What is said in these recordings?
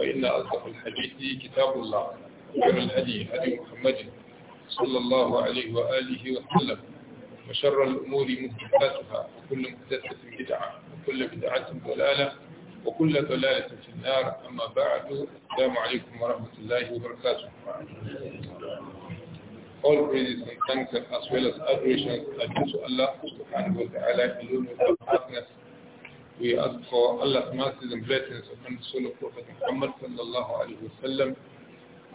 فإن أصدق الحديث كتاب الله وخير الهدي هدي محمد صلى الله عليه وآله وسلم وشر الأمور محدثاتها وكل محدثة بدعة وكل بدعة ضلالة وكل ضلالة في النار أما بعد السلام عليكم ورحمة الله وبركاته All praises and thanks as well as adoration are due to Allah subhanahu wa ta'ala in alone without partners We ask for Allah's mercies and blessings upon the soul of Prophet Muhammad sallallahu alaihi wasallam,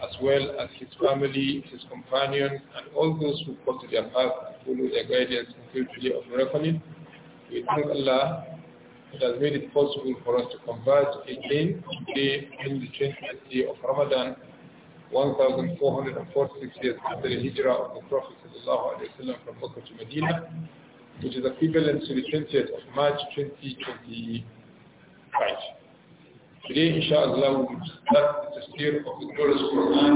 as well as his family, his companions, and all those who followed their path and follow their guidance until the day of reckoning. We thank Allah it has made it possible for us to convert again today in the 20th day of Ramadan, 1446 years after the hijrah of the Prophet from Mecca to Medina which is equivalent to the 20th of March 2025. Today, inshallah, we will start the tafsir of the Quran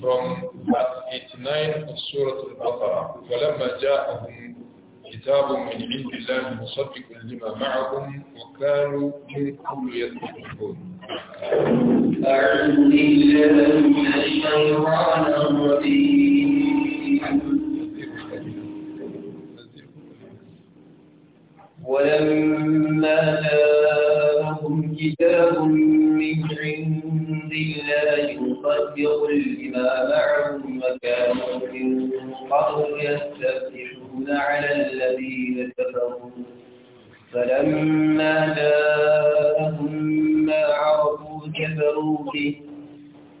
from verse 89 of Surah Al-Baqarah. وَلَمَّا جَاءَهُمْ كتاب من عند الله مصدق لما معهم وكانوا من قبل يتفقون أعوذ بالله من الشيطان الرجيم ولما جاءهم كتاب من عند الله يصدق لما معهم وكانوا من قبل يستفتحون على الذين كفروا فلما جاءهم ما عرفوا كفروا به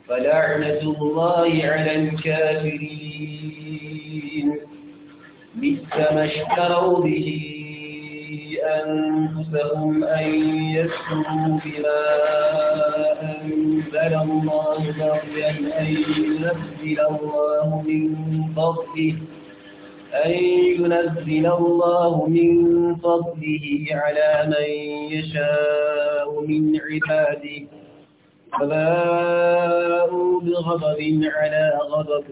فلعنة الله على الكافرين مثل ما اشتروا به أنفسهم أن يشكروا بما أنزل الله بغيا أن ينزل الله من فضله أن ينزل الله من فضله على من يشاء من عباده فباءوا بغضب على غضب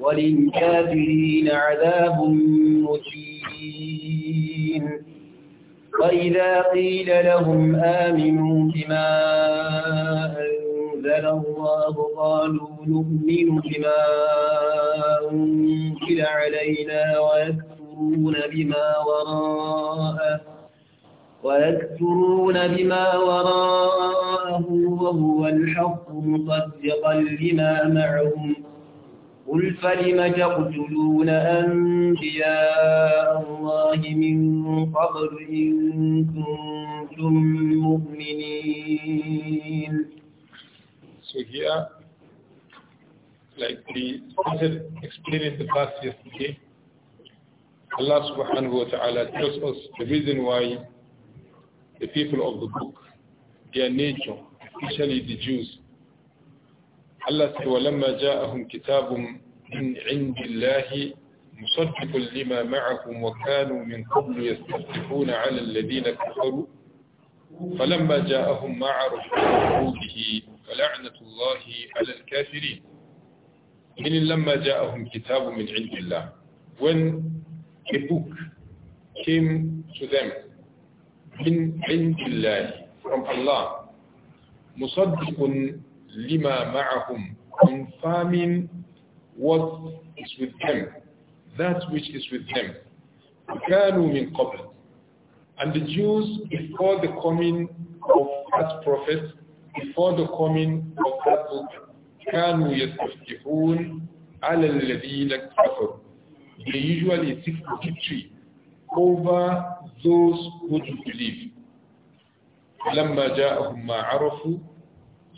وللكافرين عذاب مجيد وإذا قيل لهم آمنوا بما أنزل الله قالوا نؤمن بما أنزل علينا ويكفرون بما وراءه ويكفرون بما وراءه وهو الحق مصدقا لما معهم قل فلم تقتلون أنبياء الله من قبل إن كنتم مؤمنين So here, like we explained in the past yesterday, Allah subhanahu wa ta'ala tells us the reason why the people of the book, their nature, especially the Jews, التي ولما جاءهم كتاب من عند الله مصدق لما معهم وكانوا من قبل يستفتحون على الذين كفروا فلما جاءهم ما عرفوا به فلعنة الله على الكافرين من لما جاءهم كتاب من عند الله when a book came to them من عند الله from Allah مصدق lima ma'ahum, confirming what is with them, that which is with them. كانوا من قبل. And the Jews, before the coming of that prophet, before the coming of that book, كانوا يستفتحون على الذين كفروا. They usually seek victory over those who do believe. لما جاءهم ما عرفوا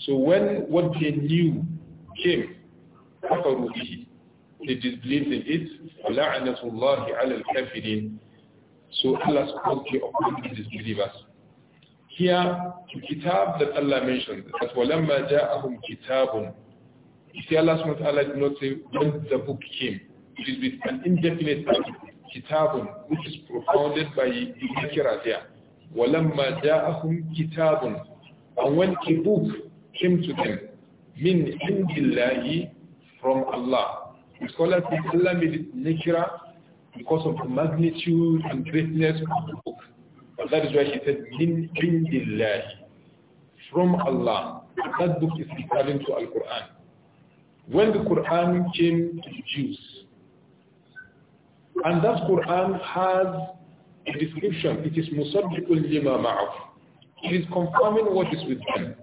so when what they knew came, كفروا به. They disbelieved in it. فلعنة الله على الكافرين. So Allah's country upon the disbelievers. Here, the kitab that Allah mentioned, that وَلَمَّا جَاءَهُمْ كِتَابٌ You see, Allah subhanahu did not say when the book came. It is with an indefinite article, kitabun, which is propounded by the Nakira there. وَلَمَّا جَاءَهُمْ كِتَابٌ And when a book came to them. Min indillahi from Allah. We call it Allah made because of the magnitude and greatness of the book. But that is why he said min indillahi from Allah. That book is referring to Al-Quran. When the Quran came to the Jews, and that Quran has a description. It is musaddiqul lima ma'af. It is confirming what is with them.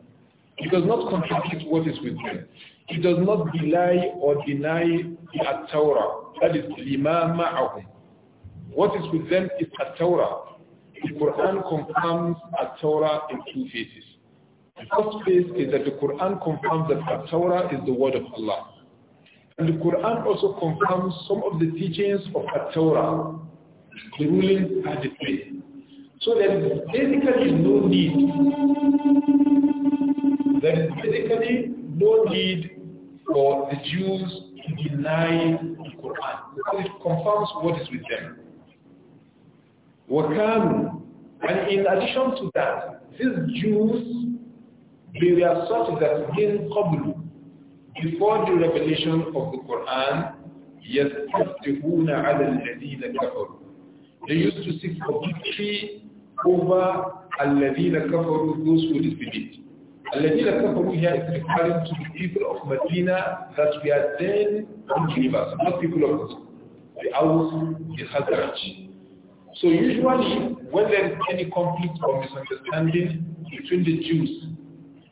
It does not contradict what is with them. It does not belie or deny the At-Tawrah. That is What is with them is At-Tawrah. The Quran confirms At-Tawrah in two phases. The first phase is that the Quran confirms that At-Tawrah is the word of Allah. And the Quran also confirms some of the teachings of At-Tawrah, the rulings and the faith. So there is basically no need there is basically no need for the Jews to deny the Quran because it confirms what is with them. And in addition to that, these Jews, they were such that in Qablu, before the revelation of the Quran, They used to seek for victory over الَّذِينَ كَفَرُوا those who disbelieved. الذين كفروا here is referring to the people of Medina that we are then unbelievers, not people of the Aus, the Khazraj. So usually when there is any conflict or misunderstanding between the Jews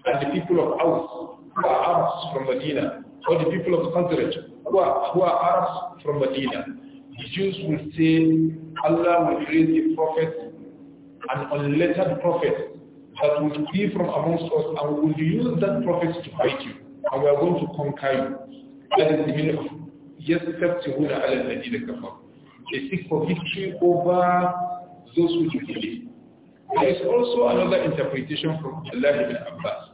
and the people of Aus, who are Arabs from Medina, or the people of Khazraj, who are, who are Arabs from Medina, the Jews will say, Allah will raise a prophet, an unlettered prophet that will be from amongst us and we will use that prophet to fight you and we are going to conquer you. That is the meaning of يَسْتَبْتِهُونَ عَلَى الَّذِينَ كَفَرُوا They seek for victory over those who believe. There is also another interpretation from Abdullah ibn Abbas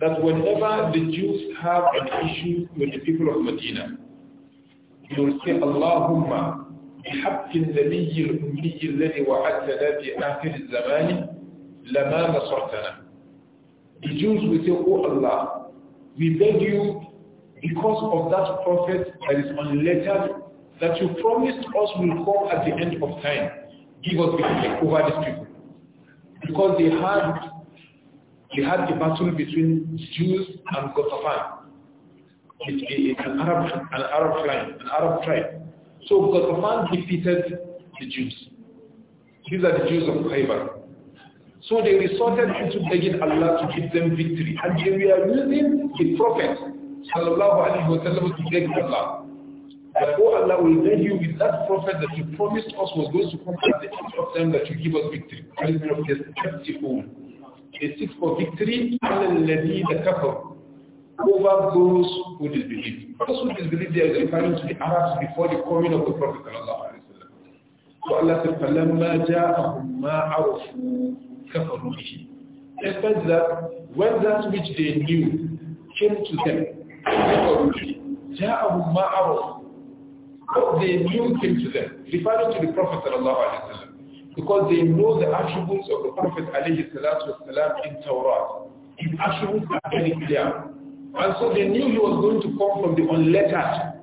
that whenever the Jews have an issue with the people of Medina, they will say, Allahumma بحق النبي الأمي الذي وعدتنا في آخر الزمان لَمَا نَصَرْتَنَا The Jews will say, Oh Allah, we beg you because of that prophet that is unlettered that you promised us will come at the end of time. Give us victory over these people. Because they had they had a battle between Jews and Gotafan. It's an Arab an Arab line, an Arab tribe. So Gotafan defeated the Jews. These are the Jews of Khaybar. So they resorted into begging Allah to give them victory. And they were using the Prophet وسلم, to beg Allah. That, oh Allah, we beg you with that Prophet that you promised us was going to come at the end of them that you give us victory. They seek for victory over those who disbelieve. Those who disbelieve, they are referring to the Arabs before the coming of the Prophet. So Allah said, فَلَمَّا جَاءَهُمْ مَا عَرَفُوا كفروا به Except that when that which they knew came to them كفروا به جاءهم ما عرفوا what they knew came to them referring to the Prophet صلى الله عليه because they know the attributes of the Prophet عليه الصلاة والسلام in Torah his attributes are very clear and so they knew he was going to come from the unlettered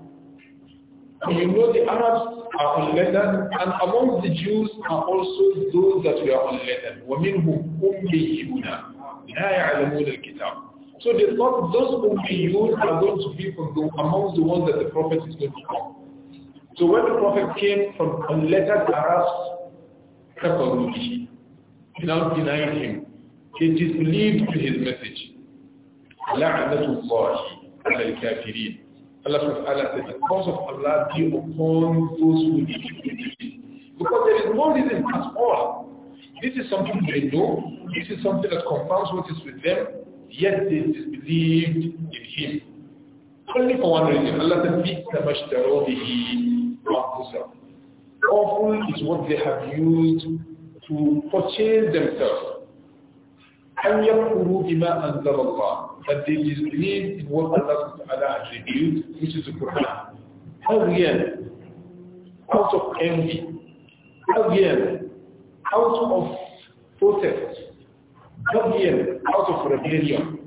and you know the Arabs are unlettered, and among the Jews are also those that were unlettered. Women who وَمِنْهُمْ أُمِّيُّونَ لَا al kitab. so they thought those Ummiyun are going to be from the, among the ones that the Prophet is going to come. So when the Prophet came from unlettered Arabs, Kafaruji, he now denied him. He disbelieved in his message. لَعْنَةُ اللَّهِ al-Kafirin. Allah subhanahu the cause of Allah be upon those who believe. Because there is no reason at all. This is something they know. This is something that confirms what is with them. Yet they disbelieved in Him. Only for one reason. Allah said, بِئْتَ the بِهِ أَنفُسَهُمْ Awful is what they have used to purchase themselves. أن يكفروا بما أنزل الله that they disbelieve in what Allah Ta'ala has which is the Quran again out of envy again out of protest again out of rebellion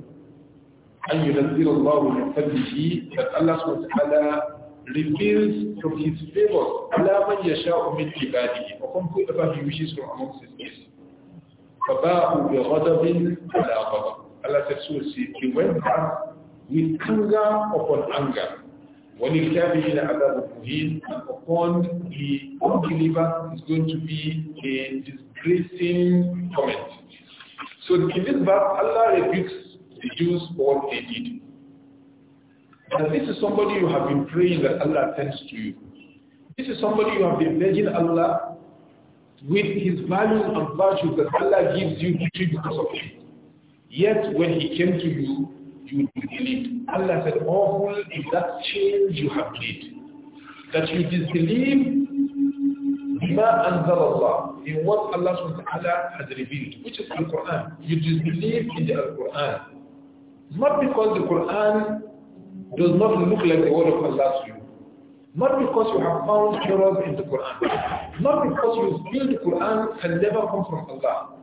أن ينزل الله من فضله that Allah Ta'ala reveals from his favor على من يشاء من عباده upon whoever he wishes from amongst his guests فَبَاءُوا بِغَضَبٍ عَلَى غَضَبٍ Allah says, so see, he went back with anger upon anger. وَلِلْكَافِرِينَ عَذَابُ مُهِينٍ And upon the unbeliever is going to be a disgracing comment. So in this verse, Allah rebukes the Jews for what they did. And this is somebody you have been praying that Allah attends to you. This is somebody you have been begging Allah with his values and virtues that Allah gives you victory because of it. Yet when he came to you, you believed. Allah said, awful is that change you have made. That you disbelieve بما أنزل in what Allah subhanahu has revealed, which is the Quran. You disbelieve in the Quran. Not because the Quran does not look like the word of Allah to you. Not because you have found errors in the Quran. Not because you feel the Quran can never come from Allah.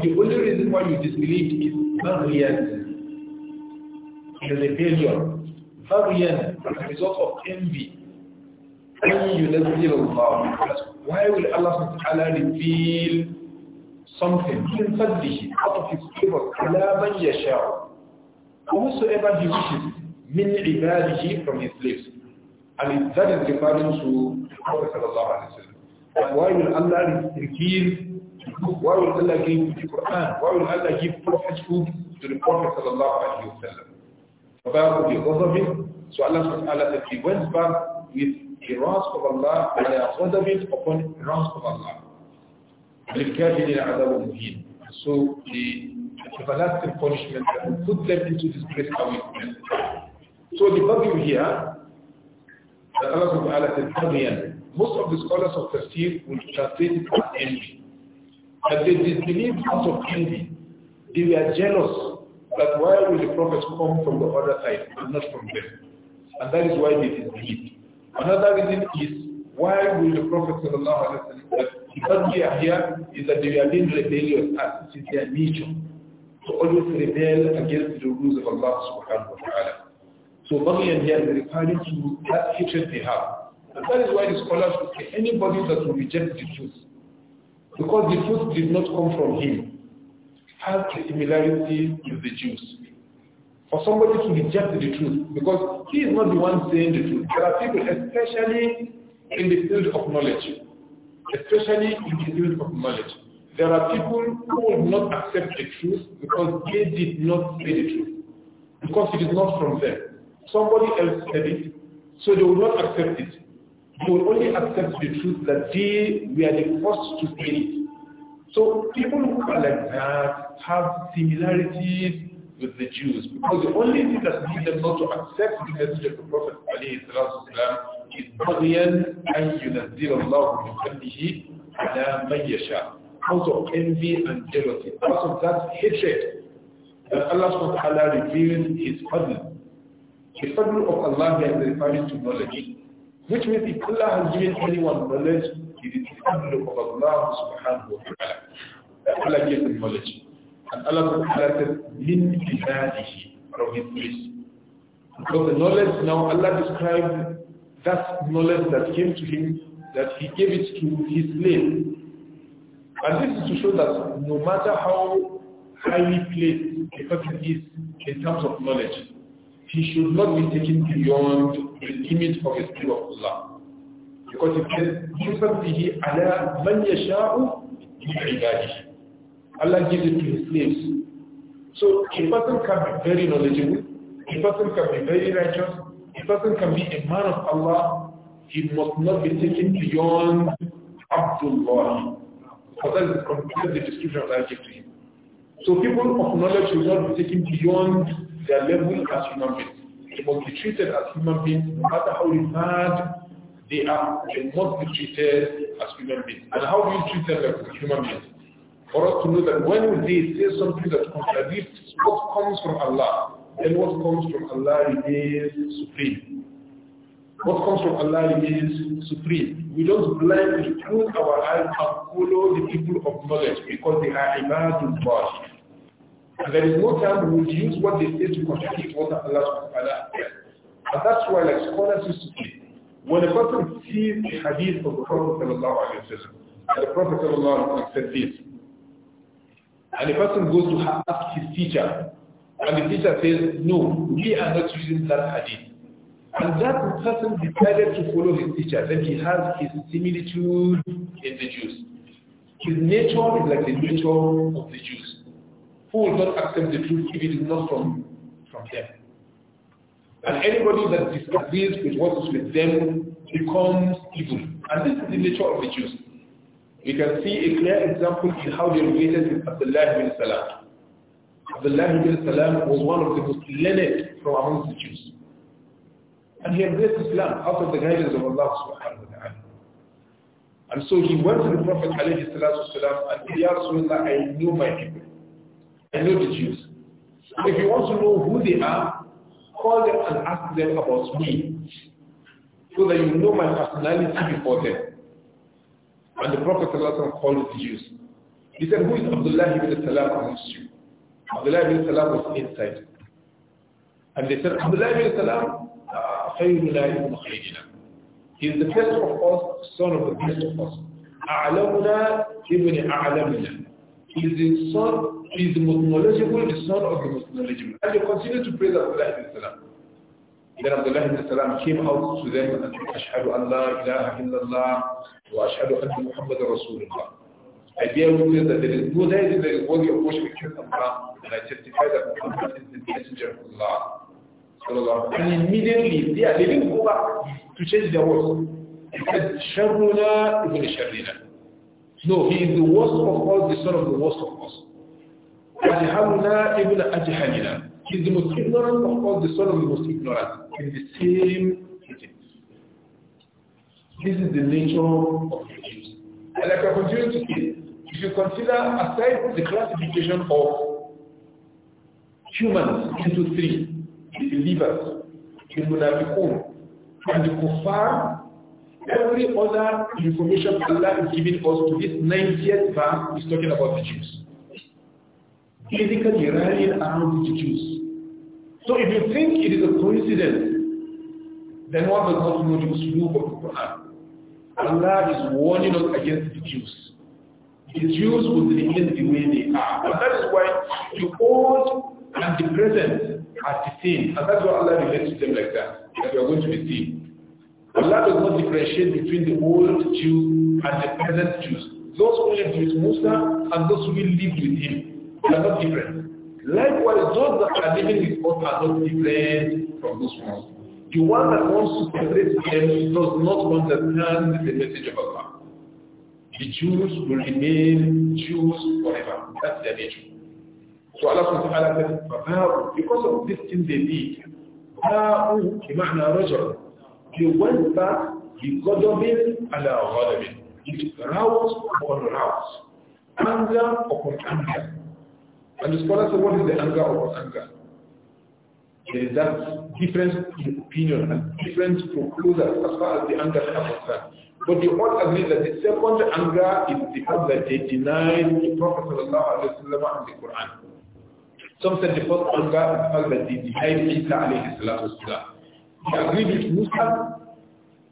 The only reason why you disbelieve is variance. It is a failure. Variance as a result of envy. Why will Allah Ta'ala reveal something من فضله out of his favor على من whosoever he wishes من عباده from his lips. And it, that is referring to Prophet sallallahu alayhi wa sallam. But why will Allah reveal, why will Allah give the Quran, why will Allah give prophethood to the Prophet sallallahu alayhi wa sallam? So Allah subhanahu wa ta'ala said, he went back with the wrath of Allah, and عَلَى غَضَبِهِ upon the wrath of Allah. لِلْكَافِرِينَ عَذَابٌ مُهِينٌ So the everlasting punishment that will put them into disgrace away from them. So the value here that Allah subhanahu wa ta'ala said, Most of the scholars of Tafsir will translate it as envy. That they disbelieved out of envy. They were jealous that why will the prophets come from the other side and not from them? And that is why they disbelieved. Another reason is why will the Prophet What we are here is that they are being rebellious as it is their nature to always rebel against the rules of Allah subhanahu wa ta'ala. So they are referring to that hatred they have. And that is why the scholars would say anybody that will reject the truth, because the truth did not come from him, has a similarity with the Jews. For somebody to reject the truth, because he is not the one saying the truth. There are people, especially in the field of knowledge, especially in the field of knowledge, there are people who will not accept the truth because they did not say the truth, because it is not from them. Somebody else said it, so they will not accept it. They will only accept the truth that they were the first to say it. So people who are like that have similarities with the Jews because the only thing that leads them not to accept the message of the Prophet is Barian and Yunazir Allah out of envy and jealousy, out of that hatred that Allah subhanahu wa ta'ala revealed his pardon the fadl of Allah here is referring to knowledge, which means if Allah has given anyone knowledge, it is the fadl of Allah subhanahu wa ta'ala. That Allah gives them knowledge. And Allah subhanahu wa ta'ala says, min ibadihi, from his place. Because the knowledge now, Allah described that knowledge that came to him, that he gave it to his slave. And this is to show that no matter how highly placed a person is in terms of knowledge, he should not be taken beyond the limit of the spirit of Allah. Because it says, Allah gives it to his slaves. So a person can be very knowledgeable, a person can be very righteous, a person can be a man of Allah, he must not be taken beyond Abdullah. Because that is the description that I give to him. So people of knowledge should not be taken beyond they are level as human beings. They must be treated as human beings, no matter how refined they are. They must be treated as human beings. And how do you treat them as human beings? For us to know that when they say something that contradicts what comes from Allah, then what comes from Allah remains supreme. What comes from Allah remains supreme. We don't blindly close our eyes and follow the people of knowledge because they are ibadul and there is no time we would use what they say to contradict what Allah subhanahu says. And that's why like scholars used to say, when a person sees a hadith of the Prophet sallallahu alayhi wa sallam, and the Prophet sallallahu alayhi wa sallam said this, and a person goes to ask his teacher, and the teacher says, no, we are not using that hadith. And that person decided to follow his teacher, then he has his similitude in the Jews. His nature is like the nature of the Jews who will not accept the truth if it is not from, from them. And anybody that disagrees with what is with them becomes evil. And this is the nature of the Jews. You can see a clear example in how they related with Abdullah bin Salam. Abdullah bin Salam was one of the most learned from among the Jews. And he embraced Islam out of the guidance of Allah subhanahu wa ta'ala. And so he went to the Prophet والسلام, and he asked him that I knew my people. I know the Jews. If you want to know who they are, call them and ask them about me so that you know my personality before them. And the Prophet called the Jews. He said, who is Abdullah ibn Salam amongst you? Abdullah ibn Salam was inside. And they said, Abdullah ibn Salam, خَيْرُنَا uh, He is the best of us, son of the best of us. أَعْلَمُنَا ibn أَعْلَمِنَا He is the son he is the most knowledgeable, the son of the most knowledgeable. And they continued to praise Abdullah ibn Salam. Then Abdullah ibn Salam came out to them and said, Ashhadu an la ilaha illallah wa ashhadu anna Muhammad Rasulullah. I bear witness that there is no deity that is worthy of worship except Allah, and I testify that Muhammad is the messenger of Allah. And immediately, they, they didn't go back to change their words. He said, Sharruna ibn Sharina." No, he is the worst of us, the son of the worst of us. Ajhalna ibn Ajhalina. He's the most ignorant of all the son of the most ignorant in the same sitting. This is the nature of the Jews. And like I continue to say, if you consider aside the classification of humans into three, the believers, the munafiqun, and the kuffar, every other information Allah is giving us to this 90th verse is talking about the Jews basically rallied around the Jews. So if you think it is a coincidence, then what does not know Jews do for the Quran? Allah is warning us against the Jews. The Jews will remain the way they are. And that is why the old and the present are the same. And that's why Allah relates to them like that, that we are going to be seen. Allah does not differentiate between the old Jews and the present Jews. Those who lived with Musa and those who will live with him. They are not different. Likewise, those that are living with us are not different from those ones. The one that wants to separate them does not understand the message of Allah. The Jews will remain Jews forever. That's their nature. So Allah says, "Allah ta'ala says, because of this thing they did, they بمعنى رجل He went back بغضب على it's It roused upon roused, anger upon anger. And the scholars say, what is the anger of anger? There is that difference in opinion and different proposals as far as the anger is concerned. But they all agree that the second anger is the fact that they deny the Prophet and the Quran. Some said the first anger is the fact that they denied Isa alayhi salatu They agreed with Musa,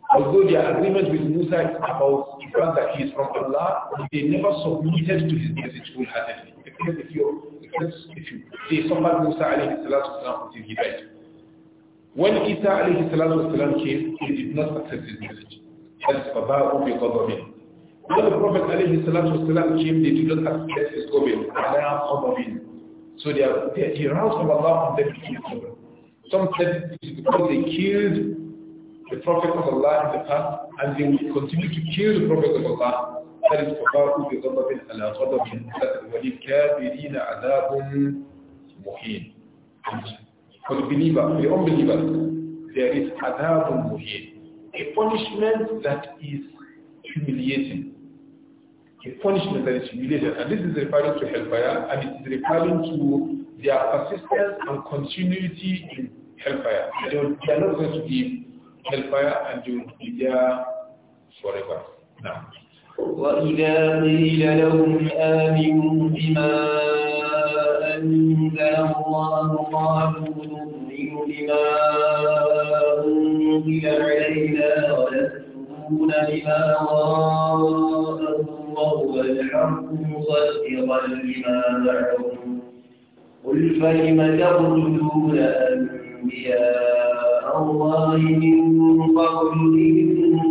although their agreement with Musa is about the fact that he is from Allah, they never submitted to his message wholeheartedly. Because if you except if you say somebody Musa alayhi salatu wasalam until he died. When Isa alayhi salatu wasalam came, he did not accept his message. That is Baba'u bi qadabin. When the Prophet alayhi salatu wasalam came, they did not accept his qadabin. Ala qadabin. So they are, they, he roused from Allah on them to Some said it is because they killed the Prophet of Allah in the past and they will continue to kill the Prophet of Allah هل الصفاء بغضب على غضب وللكافرين عذاب مهين For the believer, the unbeliever, there is عذاب مهين a punishment that is humiliating. A punishment that is humiliating. And this is referring to hellfire and it is referring to their persistence and continuity in hellfire. They are not going to give hellfire and they will be there forever. Now. وإذا قيل لهم آمنوا بما أنزل الله قالوا نؤمن بما أنزل علينا ونكفرون بما وراءه وهو الحق مصدقا لما معهم قل فلم تقتلون أنبياء الله من قبل إن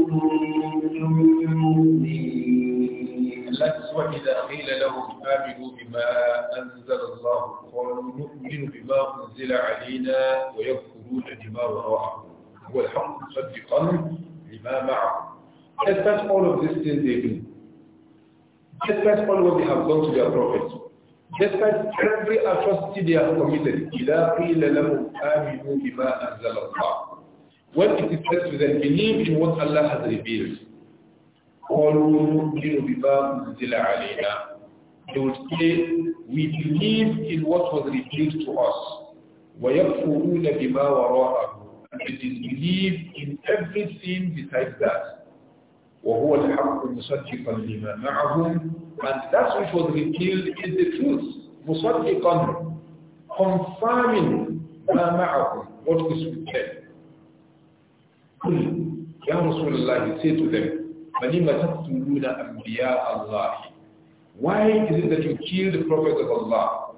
كنتم مؤمنين الناس وإذا قيل له آمنوا بما أنزل الله قالوا نؤمن بما أنزل علينا ويكفرون بما وراءه هو الحق مصدقا لما معه Despite all of this thing they do, despite all what they have done to their prophets, despite every atrocity they have committed, إذا قيل لهم آمنوا بما أنزل الله When it is said to them, believe in what Allah has revealed, قالوا نؤمن بما أنزل علينا they would say, we believe in what was revealed to us. وَيَكْفُرُونَ بِمَا وَرَاءَهُ And they disbelieve in everything besides that. وَهُوَ الْحَقُّ مُصَدِّقًا لِمَا مَعَهُمْ And that which was revealed is the truth. مُصَدِّقًا Confirming مَا مَعَهُمْ What is with them. يَا رَسُولَ اللَّهِ Say to them, تَقْتُلُونَ أَنْبِيَاءَ اللَّهِ Why is it that you kill the prophets of Allah?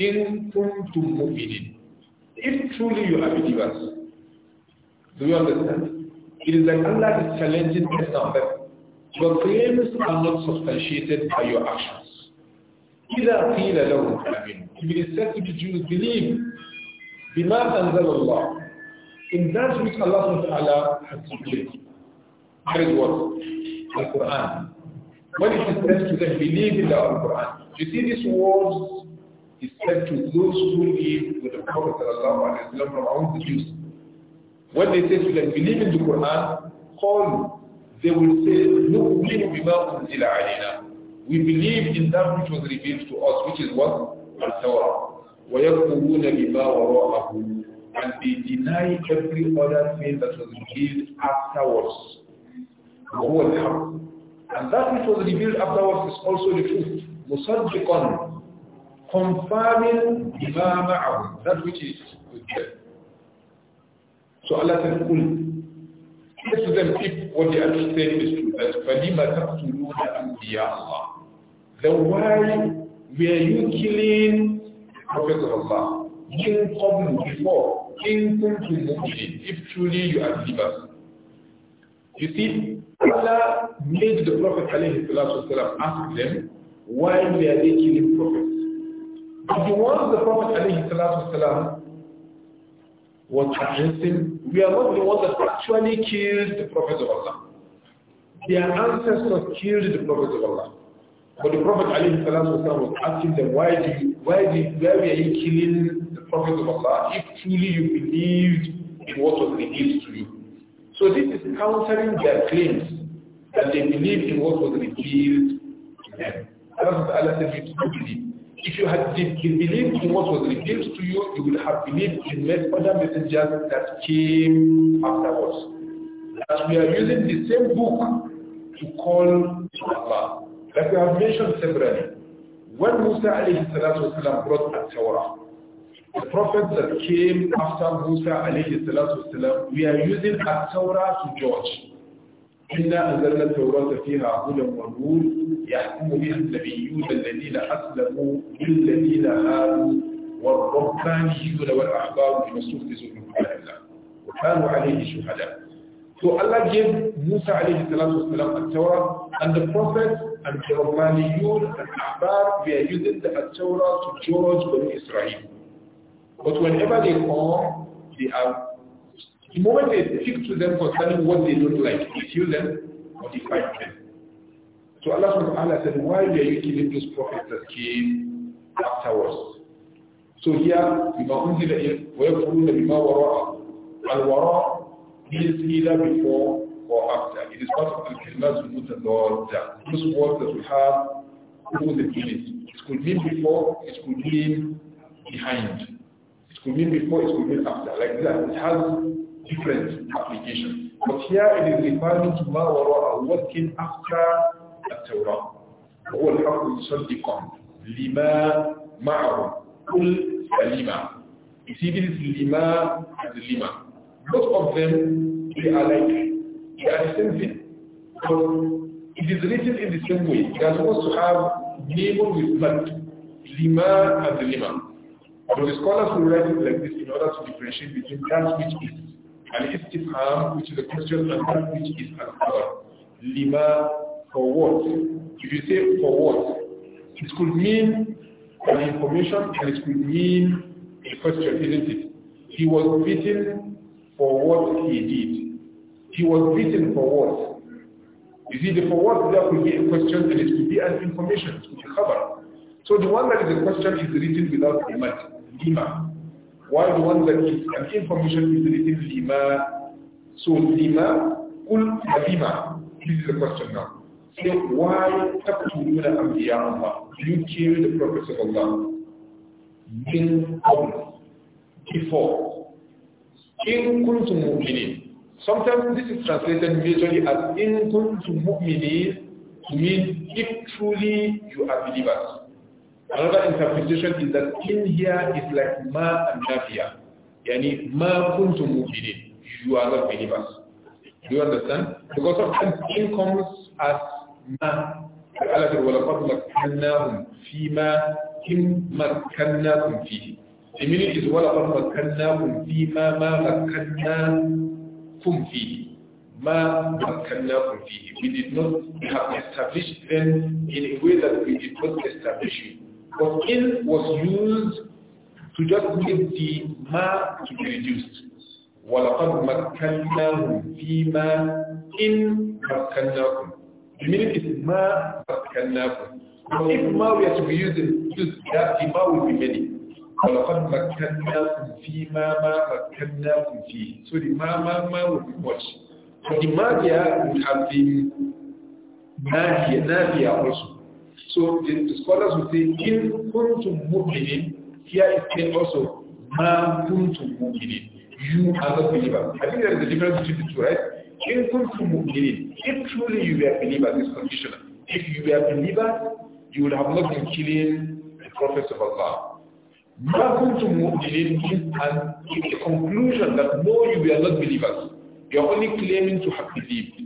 إِن كُنْتُمْ مُؤْمِنِينَ If truly you are believers. Do you understand? It is like Allah is challenging us now your claims are not substantiated by your actions. إِذَا قِيلَ لَهُمْ آمِنُوا If it is said to the Jews, believe بِمَا أَنزَلَ اللَّهُ in that which Allah has revealed. That is what? Al-Quran. When it is said to them, believe in the Al-Quran. You see, these words is said to those who live with the Prophet from around the Jews. When they say to them, believe in the Quran, call, they will say, no, We believe in that which was revealed to us, which is what? Al-Tawrah. وَيَكْفُرُونَ بِمَا وَرَاءَهُ And they deny every other thing that was revealed afterwards. وهو الحق. And that which was revealed afterwards is also the truth. مصدقا confirming بما معه that which is with them. So Allah said, قل "Let them keep what they understand is true, that فَلِمَ تَقْتُلُونَ the اللَّهِ Then why were you killing the Prophet of Allah? In قَبْلُ before, in كُنْتُمْ مُؤْمِنِينَ If truly you are believers. You see, Allah made the Prophet والسلام, ask them, why they they killing prophets? But the ones the Prophet والسلام, was addressing, we are not the ones that actually killed the Prophet of Allah. Their ancestors killed the Prophet of Allah. But the Prophet والسلام, was asking them, why, do you, why, do you, why are you killing the Prophet of Allah if truly you believed in what was revealed to you? So this is countering their claims that they believe in what was revealed to them. That's what Allah said to believe. If you had believed in what was revealed to you, you would have believed in other messengers that came afterwards. As we are using the same book to call to Allah. Like we have mentioned severally, when Musa brought a Torah, the prophets that came after Musa alayhi salatu wasalam, we are using at Torah to judge. إنا أنزلنا التوراة فيها هدى ونور يحكم بها النبيون الذين أسلموا للذين هادوا والربانيون والأحبار بما استحدثوا من كتاب الله وكانوا عليه شهداء. So Allah gave Musa alayhi salatu wasalam at Torah, and the prophet and the Rabbaniyun and Ahbar, we are using the Torah to judge Bani Israel. But whenever they call, they are, the moment they speak to them concerning what they don't like, they kill them or they fight them. So Allah subhanahu wa ta'ala said, why are you killing those prophets that came afterwards? So here, بما أنزل ويكفرون wara وراء الوراء means either before or after. It is part of the Kalimat al This word that we have opposite meanings. It could mean before, it could mean behind. It could mean before, it could mean after, like that. It has different applications. But here it is referring to ma wara'ahu, what came after التوراة. هو الحق مصدقا لما معهم كل لما. You see this lima and lima. Both of them, they are like, they are the same thing. So it is written in the same way. They are supposed to have name with mad. Lima and lima. So the scholars will write it like this in order to differentiate between that which is al-istifham, which is a question, and that which is an khabar Lima, for what? If you say for what, it could mean an information and it could mean a question, isn't it? He was beaten for what he did. He was beaten for what? You see, the for what there could be a question and it could be an information, it could be covered. So the one that is a question is written without a matter lima. Why the one that gives an information is written lima. So lima, kul lima. This is the question now. Say, why taqtuluna anbiya Allah? You kill the prophets of Allah. Min qabl. Before. In kuntum mu'minin. Sometimes this is translated literally as in kuntum mu'minin to mean if truly you are believers. Another interpretation is that in here is like ma and nafia. Yani ma kuntum mu'minin. You are not believers. Do you understand? Because sometimes in comes as ma. Allah said, وَلَقَدْ مَكَّنَّاهُمْ فِي مَا إِمْ مَكَّنَّاكُمْ فِيهِ The meaning is وَلَقَدْ مَكَّنَّاكُمْ فِي مَا مَا مَكَّنَّاكُمْ فِيهِ ما مكناكم فيه. We did not have established them in a way that we did not establish you. But in was used to just give the ma to be reduced. وَلَقَدْ مَكَّنَّاهُمْ فِي مَا إِن مَكَّنَّاكُمْ The meaning is ma مَكَّنَّاكُمْ So if ma we are to be using used that the ma will be many. وَلَقَدْ مَكَّنَّاكُمْ فِي مَا مَا مَكَّنَّاكُمْ فِيهِ So the ma ma ma will be much. So the ma here would have been ma here, na here also. So the, the scholars will say, in kuntum mu'minin, here is said also, ma kuntum mu'minin. You are not believer. I think there is a difference between the two, right? In kuntum mu'minin, if truly you were believers, this conditional. If you were believers, you would have not been killing the prophets of Allah. Ma kuntum mu'minin means an, a conclusion that no, you were not believers. You are only claiming to have believed.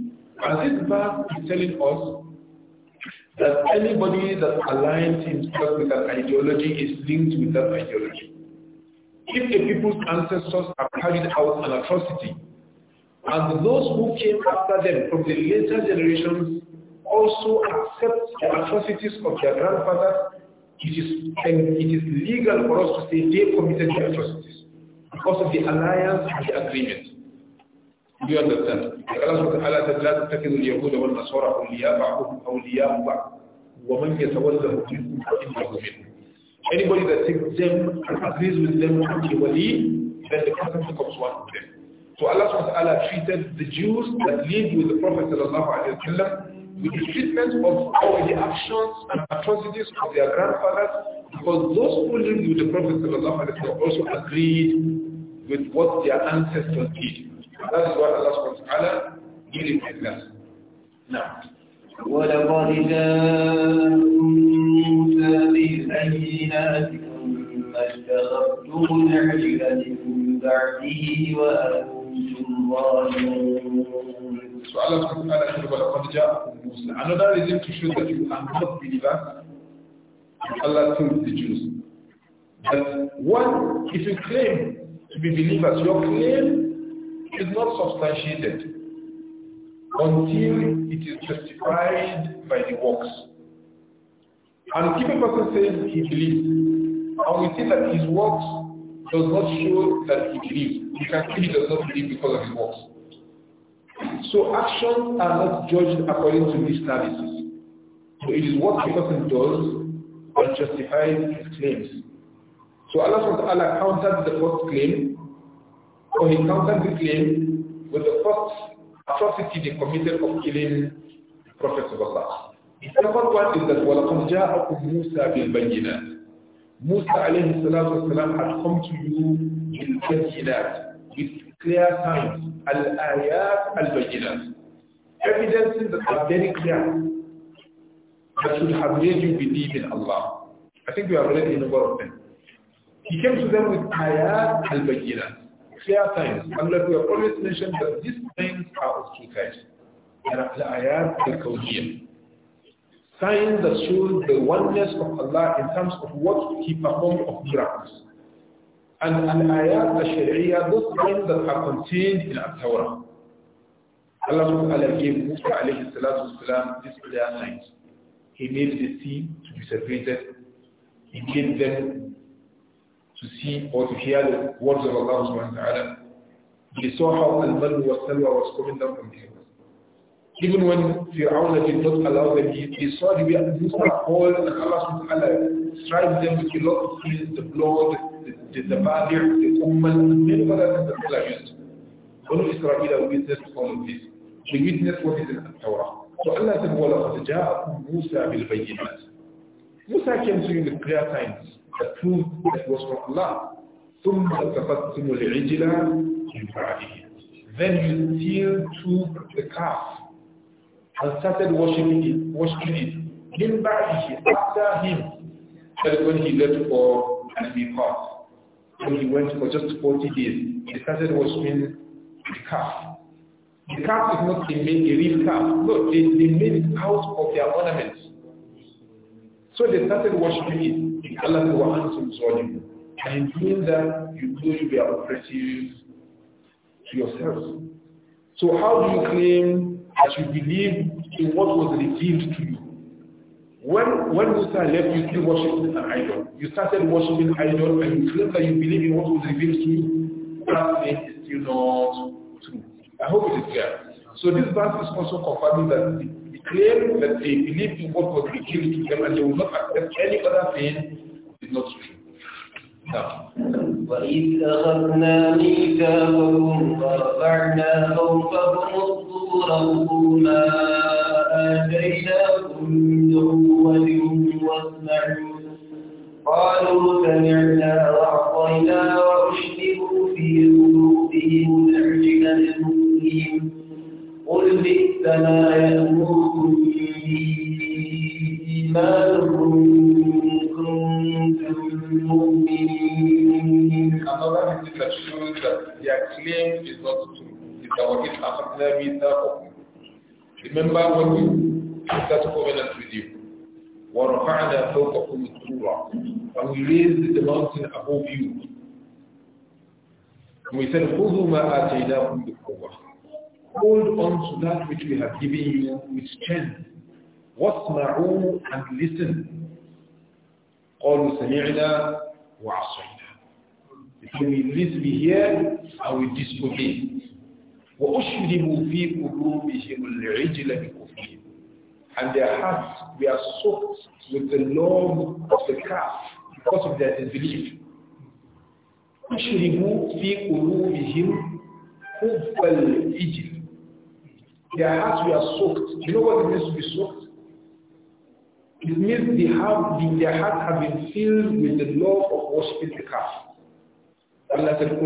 And this verse is telling us that anybody that aligns himself with that ideology is linked with that ideology. If the people's ancestors have carried out an atrocity, and those who came after them from the later generations also accept the atrocities of their grandfathers, it is, it is legal for us to say they committed the atrocities because of the alliance and the agreement. Allah subhanahu wa ta'ala Anybody that takes them and agrees with them as wali, then the person becomes one of them. So Allah subhanahu wa ta'ala treated the Jews that lived with the Prophet sallallahu alayhi wa with the treatment of all the actions and atrocities of their grandfathers because those who lived with the Prophet sallallahu alayhi wa also agreed with what their ancestors did. That is what Allah subhanahu wa ta'ala did it like that. Now. ولقد جاءكم موسى بالبينات ثم اتخذتم العجل من بعده وأنتم ظالمون. سؤال سبحانه ولقد جاءكم موسى. Another reason to show that you are not believers, Allah told the Jews. But one, if you claim to be believers, your claim is not substantiated until it is justified by the works. And if a person says he believes, and we see that his works does not show that he believes, we can see he does not believe because of his works. So actions are not judged according to these analysis. So it is what a person does that justifies his claims. So Allah SWT countered the first claim so he counters the claim with the first atrocity they committed of killing the Prophet of Allah. The second one is that وَلَقَدْ جَاءَكُمْ مُوسَى بِالْبَيِّنَاتِ Musa alayhi salatu wasalam had come to you in bayinat, with clear signs, al-ayat al-bayinat, evidences that are very clear, that should have made you believe in Allah. I think we have read a number of them. He came to them with ayat al-bayinat, clear signs. unless we have always mentioned that these signs are of two types. There are the ayat al-kawniyah. Signs that show the oneness of Allah in terms of what He performed of miracles. And al-ayat al-shari'iyah, those signs that are contained in al-Tawrah. Allah subhanahu gave Musa alayhi salatu wasalam these clear signs. He made the sea to be separated. He made them to see or to hear the words of Allah subhanahu wa ta'ala. He saw how Al-Mal wa Salwa was coming down from heaven. Even when Fir'aun did not allow them, he, he saw the way Musa called and Allah subhanahu wa ta'ala striped them with a lot of things, the blood, the tabir, the ummah. and many other things that Allah used. All of Israel witnessed all of this. They witnessed what is in the Torah. So Allah said, وَلَقَدْ جَاءَكُمْ مُوسَى بِالْبَيِّنَاتِ Musa came to you in the clear times the food that was from Allah. ثُمَّ تَفَتْتُمُ الْعِجْلَ مِنْ بَعْدِهِ Then you still took the calf and started washing it, Washing it. Min ba'dihi, after him, that's when he left for an miqat. When he went for just 40 days, he started washing the calf. The calf is not a, a real calf. No, they, they made it out of their ornaments. So they started washing it. Allah wa are zalim. And in doing that, you clearly be oppressive to yourselves. So how do you claim that you believe in what was revealed to you? When when Musa left, you still worshipped an idol. You started worshipping idol and you claim that you believe in what was revealed to you. That thing is still not true. I hope it is clear. So this verse is also confirming that claim that they believe in what was revealed to them and they will not accept any other thing is not true. وإذ أخذنا ميثاقكم ورفعنا فوقهم الطور خذوا ما آتيناكم من قوة واسمعوا قالوا سمعنا وعصينا وأشركوا في قلوبهم العجل قل بئس ما يأمركم به إيمانكم كنتم مؤمنين Another thing that shows that their claim is not true is that what is happening Remember when we that covenant with you. وَرَفَعْنَا فَوْقَكُمُ الطُّورَ And we raised the mountain above you. And we said, خُذُوا مَا آتَيْنَاكُمْ بِقُوَّةٍ Hold on to that which we have given you with strength. وَاسْمَعُوا and listen. قَالُوا سَمِعْنَا وَعَصَيْنَا If we listen here, I will disobey. وَأُشْرِبُوا فِي قُلُوبِهِمُ الْعِجْلَ بِكُفْرِهِمْ And their hearts were soaked with the love of the calf because of their disbelief. أُشْرِبُوا فِي قُلُوبِهِمْ الْعِجْلِ their hearts were soaked. You know what it means to be soaked? It means they have, their hearts have been filled with the love of worshiping the calf. Allah said,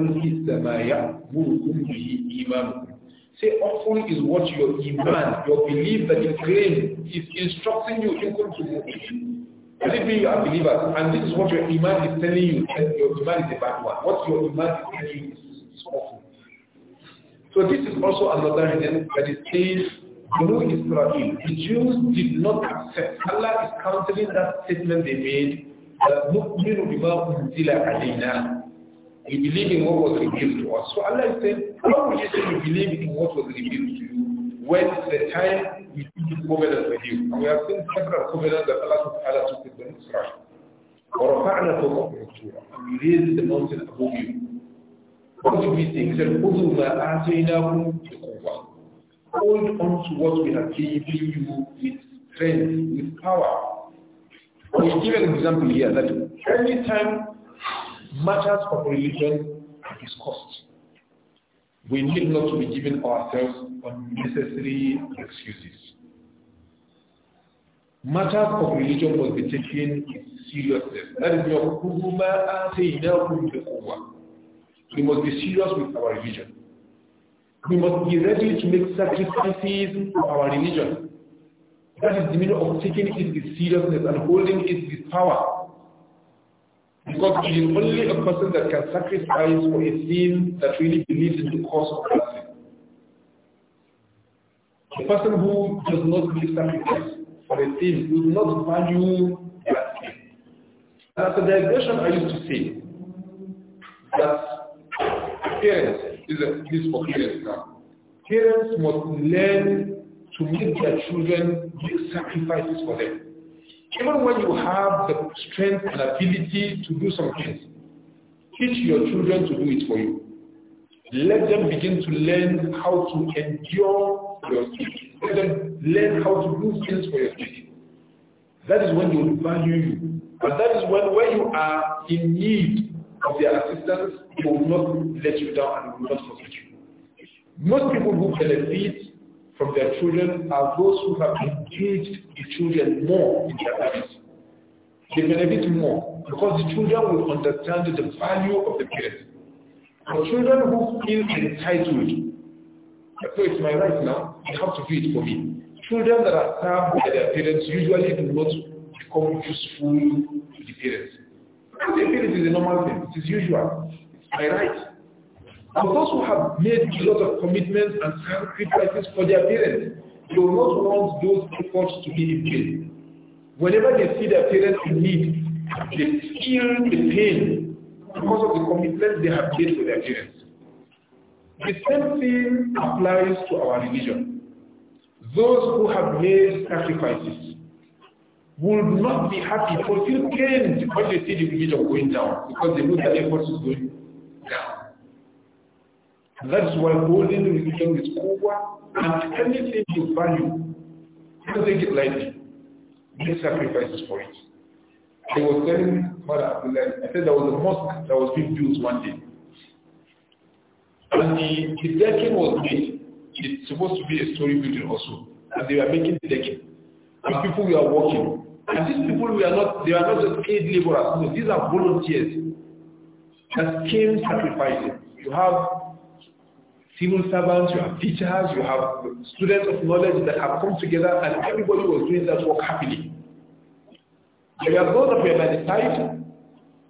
Say, offering is what your iman, your belief that you claim is instructing you in to Believe me, you are believers, and this is what your iman is telling you, and your iman is a bad one. What your iman is telling you is awful. So this is also another reason that it says, Banu Israel, the Jews did not accept. Allah is countering that statement they made, that نُؤْمِنُ بِمَا أُنْزِلَ عَلَيْنَا We believe in what was revealed to us. So Allah said, how would you say you believe in what was revealed to you when the time we took the covenant with you? And we have seen several covenants that Allah subhanahu wa ta'ala took Allah Banu Israel. وَرَفَعْنَا فَوْقَكُمُ الطُّورَ And we raised the mountain above you. He said, Hold on to what we have given you with strength, with power. will give an example here that every time matters of religion are discussed, we need not to be giving ourselves unnecessary excuses. Matters of religion must be taken seriously. That is your we must be serious with our religion. We must be ready to make sacrifices for our religion. That is the meaning of taking it with seriousness and holding it with power. Because it is only a person that can sacrifice for a sin that really believes in the cause of that sin. A person who does not make sacrifice for a sin will not value that sin. And as a digression, I used to say that parents. This is for parents now. Parents must learn to make their children make sacrifices for them. Even when you have the strength and ability to do some things, teach your children to do it for you. Let them begin to learn how to endure your sake. Let them learn how to do things for your sake. That is when they will value you. And that is when, when you are in need of their assistance, they will not let you down and will not forget you. Most people who benefit from their children are those who have engaged the children more in their lives. They benefit more because the children will understand the value of the parents. For children who feel entitled, so it's my right now, you have to do it for me. Children that are served by their parents usually do not become useful to the parents. I think it is a normal thing. It is usual. It's my right. But those who have made a lot of commitments and sacrifices for their parents, they will not want those efforts to be in Whenever they see their parents in need, they feel the pain because of the commitment they have made for their parents. The same thing applies to our religion. Those who have made sacrifices would not be happy, can't when they see the of going down, because they know that effort is going down. And that is why holding the religion is over and anything you value, don't take it lightly. Make sacrifices for it. I was telling Mother Abdullah, I said there was a mosque that was being built one day. And the, the decking was made. It's supposed to be a story building also. And they were making the decking. And people were walking. And these people were not, they are not just paid laborers. No, these are volunteers that came sacrificing. You have civil servants, you have teachers, you have students of knowledge that have come together and everybody was doing that work happily. There were those that were by the side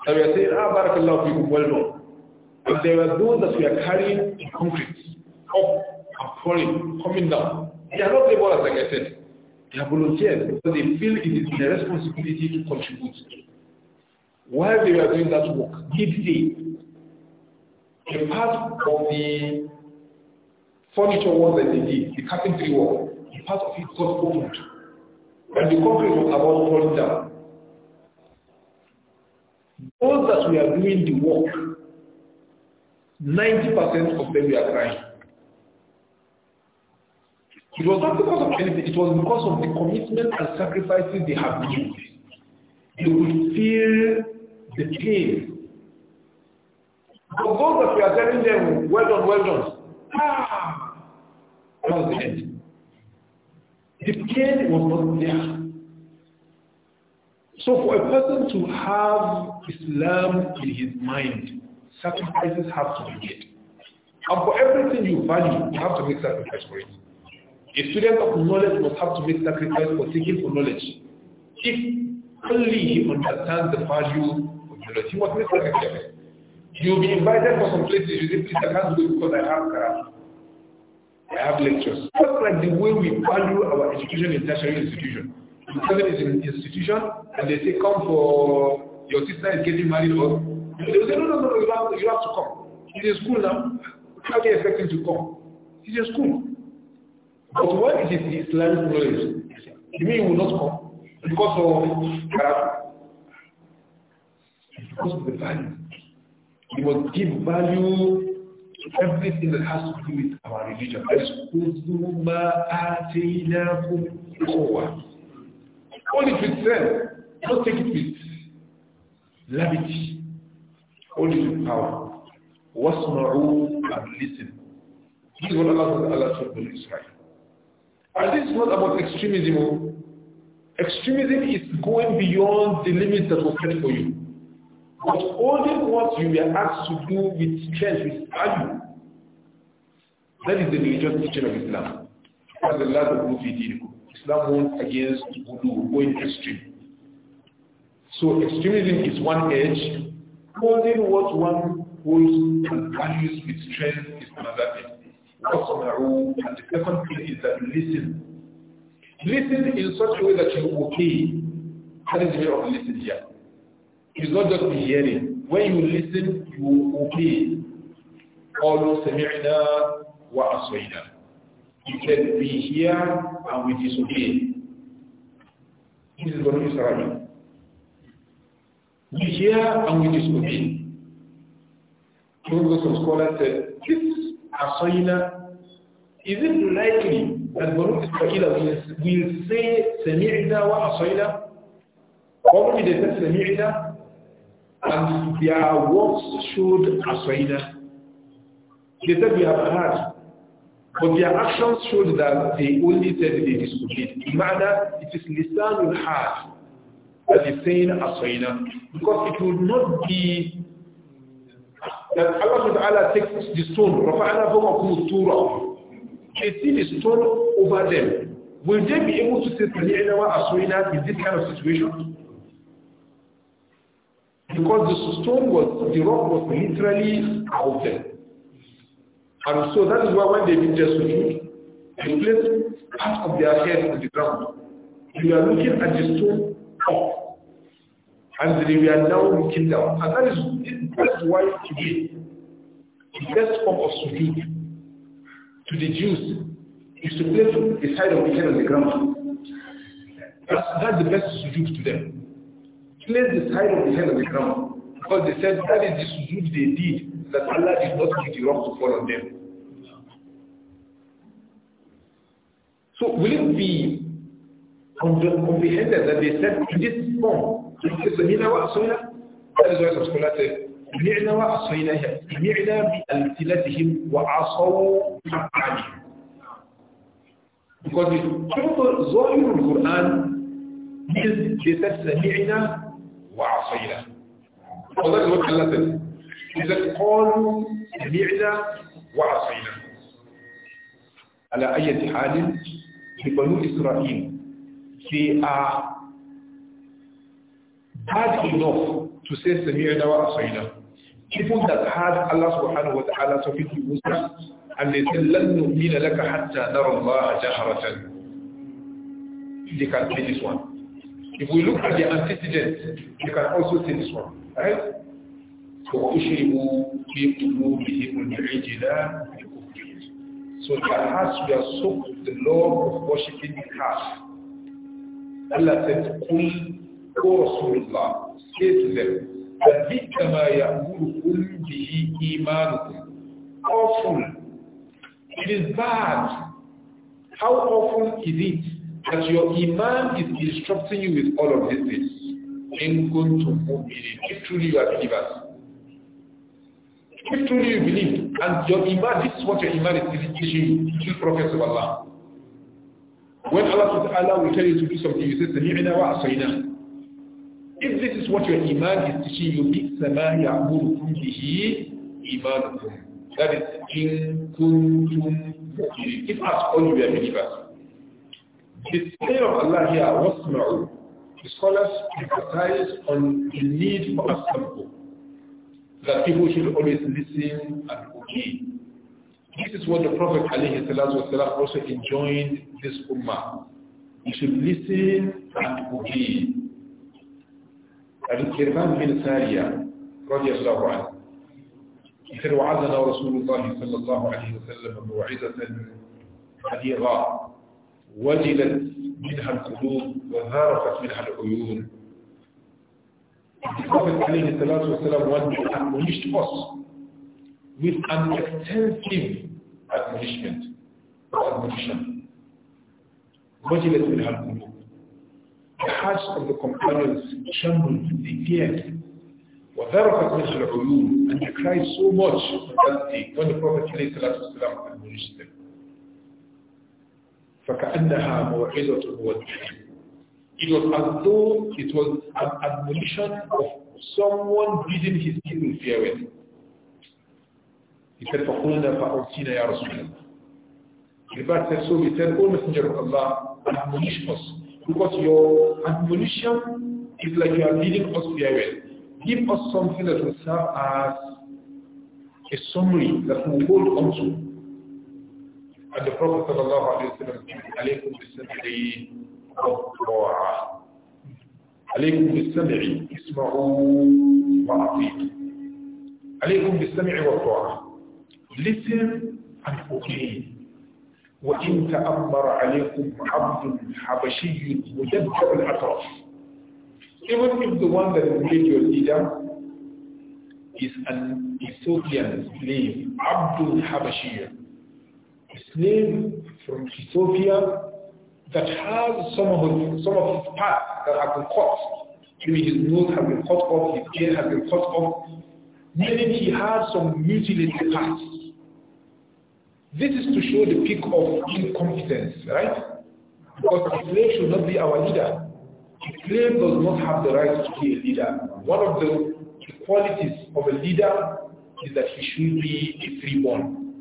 that were saying, ah, barakallah, people, well done. And there were those that were carrying concrete up and falling, coming down. They are not laborers, like I said. They are volunteers because they feel it is their responsibility to contribute. While they were doing that work, midday, a part of the furniture work that they did, the carpentry work, a part of it got opened. And the concrete was about falling down. Those that we are doing the work, 90% of them we are crying. It was not because of anything. It was because of the commitment and sacrifices they have made. They could feel the pain. But those that we are telling them, well done, well done, ah, that was the end. The pain was not there. So for a person to have Islam in his mind, sacrifices have to be made. And for everything you value, you have to make sacrifice for it. A student of knowledge must have to make sacrifice for seeking for knowledge. If only he understands the value of knowledge, he must make sacrifice. You'll be invited for some places you think, I can't go because I have class. I have lectures. Just like the way we value our education in tertiary institution. You come in an institution and they say, come for, your sister is getting married or, they say, no, no, no, you have, you have to come. He's in school now. How do you expect to come? He's in school. But when it is Islamic knowledge, you mean will not come because of Because of the value. We must give value to everything that has to do with our religion. Only with strength. Don't take it with levity. Only with power. rule? and listen. This is what Allah said to Israel. And this is not about extremism. Oh. Extremism is going beyond the limits that were set for you. But only what you were asked to do with strength, with value. That is the religious teaching of Islam. That is the last of Islam won't against voodoo, going extreme. So extremism is one edge. Holding what one holds and values with strength is another edge. And the second thing is that listen. Listen in such a way that you obey. That is the way of listen here. It's not just the hearing. When you listen, you obey. قَالُوا wa وَأَصْوَيْنَا You said, we hear and we disobey. This is Banu Israel. We hear and we disobey. One of some scholars said, this عصينا Is it likely that Baruch Israel will say wa وعصينا? Probably they said سمعنا and their words showed عصينا. They said we have heard but their actions showed that they only said they disobeyed. Imana, it is lisanul hal that is saying asayna. Because it would not be that Allah Ta'ala takes the stone, رَفَعَنَا فَوْقَكُمُ tura. They see the stone over them. Will they be able to say سَمِعْنَا وَأَصْوَيْنَا in this kind of situation? Because the stone was, the rock was literally out there. And so that is why when they did their sujood, they placed part of their head on the ground. You are looking at the stone up. And they were now looking down. And that is, that's why today, the best form of sujood to the Jews is to place the side of the head on the ground. That's, that's the best sujood to them. Place the side of the head on the ground. Because they said that is the sujood they did, that Allah did not give the rock to fall on them. So will it be comprehended that they said in this form سمعنا وعصينا سمعنا وعصينا سمعنا بأمثلتهم وعصوا عليهم شوف ظاهر القرآن is سمعنا وعصينا والله is what Allah قالوا سمعنا وعصينا على أي حال في بنو إسرائيل في آه Had enough to say Samir Dawa Asayda. People that had Allah subhanahu wa ta'ala to to Musa and they said, لَنْ نُؤْمِنَ لَكَ حَتَّى نَرَى اللَّهَ جَهْرَةً They can say this one. If we look at the antecedents, you can also say this one, right? وَأُشْرِبُوا فِي قُلُوبِهِمُ الْعِجْلَ So their hearts were soaked with the love of worshipping in calf. Allah said, قُلْ Awful. It is bad. How often is it that your Imam is instructing you with all of these things? In kuntum mu'minin. If truly you are believers. If truly you believe, and your Imam, this is what your Imam is teaching you, teaching prophets of Allah. When Allah says, Allah will tell you to do something, you say, Sami'na wa asayna. If this is what your iman is teaching you, بِئْسَمَا يَعْمُرُكُمْ بِهِ إِيمَانُكُمْ That in إِن كُنْتُمْ مُؤْمِنِينَ If at all you were believers. The say of Allah here, وَاسْمَعُوا The scholars emphasize on the need for us that people should always listen and obey. This is what the Prophet ﷺ also enjoined this ummah. You should listen and obey. الكرمان بن سارية رضي الله عنه إذ وعدنا رسول الله صلى الله عليه وسلم موعظة بليغاء وجلت منها القلوب وذارفت منها العيون Prophet عليه الصلاة والسلام was admonished with an extensive admonishment or admonition. وجلت منها القلوب The hearts of the companions trembled, they feared. وَذَرَفَتْ مِنْهَا الْعُيُونَ And they cried so much that day when the Prophet ﷺ admonished them. فَكَأَنَّهَا مَوْعِدَةٌ وَالْحِلِمُ It was as though it was an admonition of someone bidding his people farewell. He said, فَقُلْنَا فَأَوْتِينَا يَا رَسُولَ اللَّهِ The said, so we said, O Messenger of Allah, admonish us because your admonition is like you are leading us very Give us something that will serve as a summary that we will hold on to. And the Prophet sallallahu alayhi wa sallam wa-atiq, اسمعوا bi عليكم wa والطاعة listen and obey وإن تأمر عليكم عبد حبشي الأطراف Even if the one that is made your leader is an Ethiopian slave, Abdul Habashir, a slave from Ethiopia that has some of his, some of his parts that have been cut. Maybe his nose has been cut off, his ear has been cut off, meaning he has some mutilated parts. This is to show the peak of incompetence, right? Because a slave should not be our leader. A slave does not have the right to be a leader. One of the qualities of a leader is that he should be a freeborn.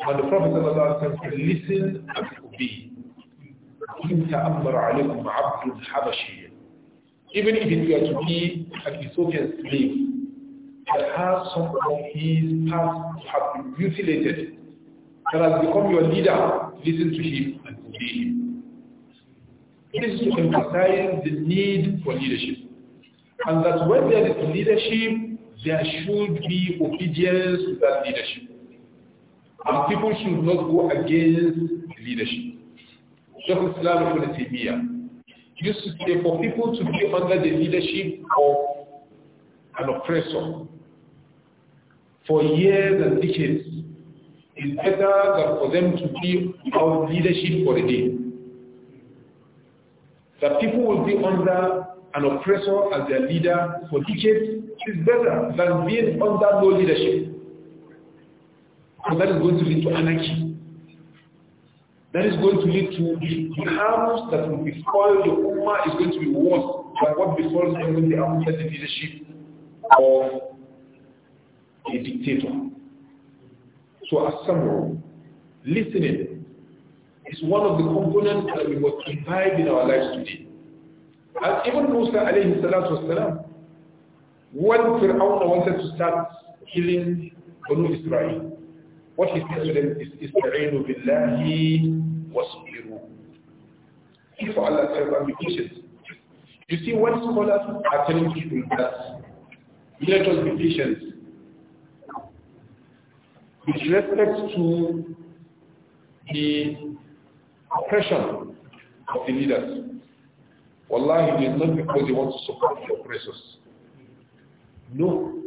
And the Prophet said, listen and obey. Even if it were to be an Ethiopian slave that has some of his parts have been mutilated, that has become your leader, listen to him and obey him. This is to emphasize the need for leadership. And that when there is leadership, there should be obedience to that leadership. And people should not go against leadership. Just Islam Ibn Taymiyyah used to say for people to be under the leadership of an oppressor for years and decades it's better for them to be out leadership for a day. That people will be under an oppressor as their leader for decades is better than being under no leadership. And that is going to lead to anarchy. That is going to lead to the harms that will befall the Ummah is going to be worse than what befalls them when they are under the leadership of a dictator. To as-samu, listening, is one of the components that we must imbibe in our lives today. As even Musa alayhi salatu wasalam, when Fir'aun wanted to start killing Banu Israel, what he said to them is, Ista'inu billahi wasbiru. If Allah says, and be patient. You see, what scholars are telling people that let us be patient with respect to the oppression of the leaders. Wallahi, it is not because they want to support the oppressors. No.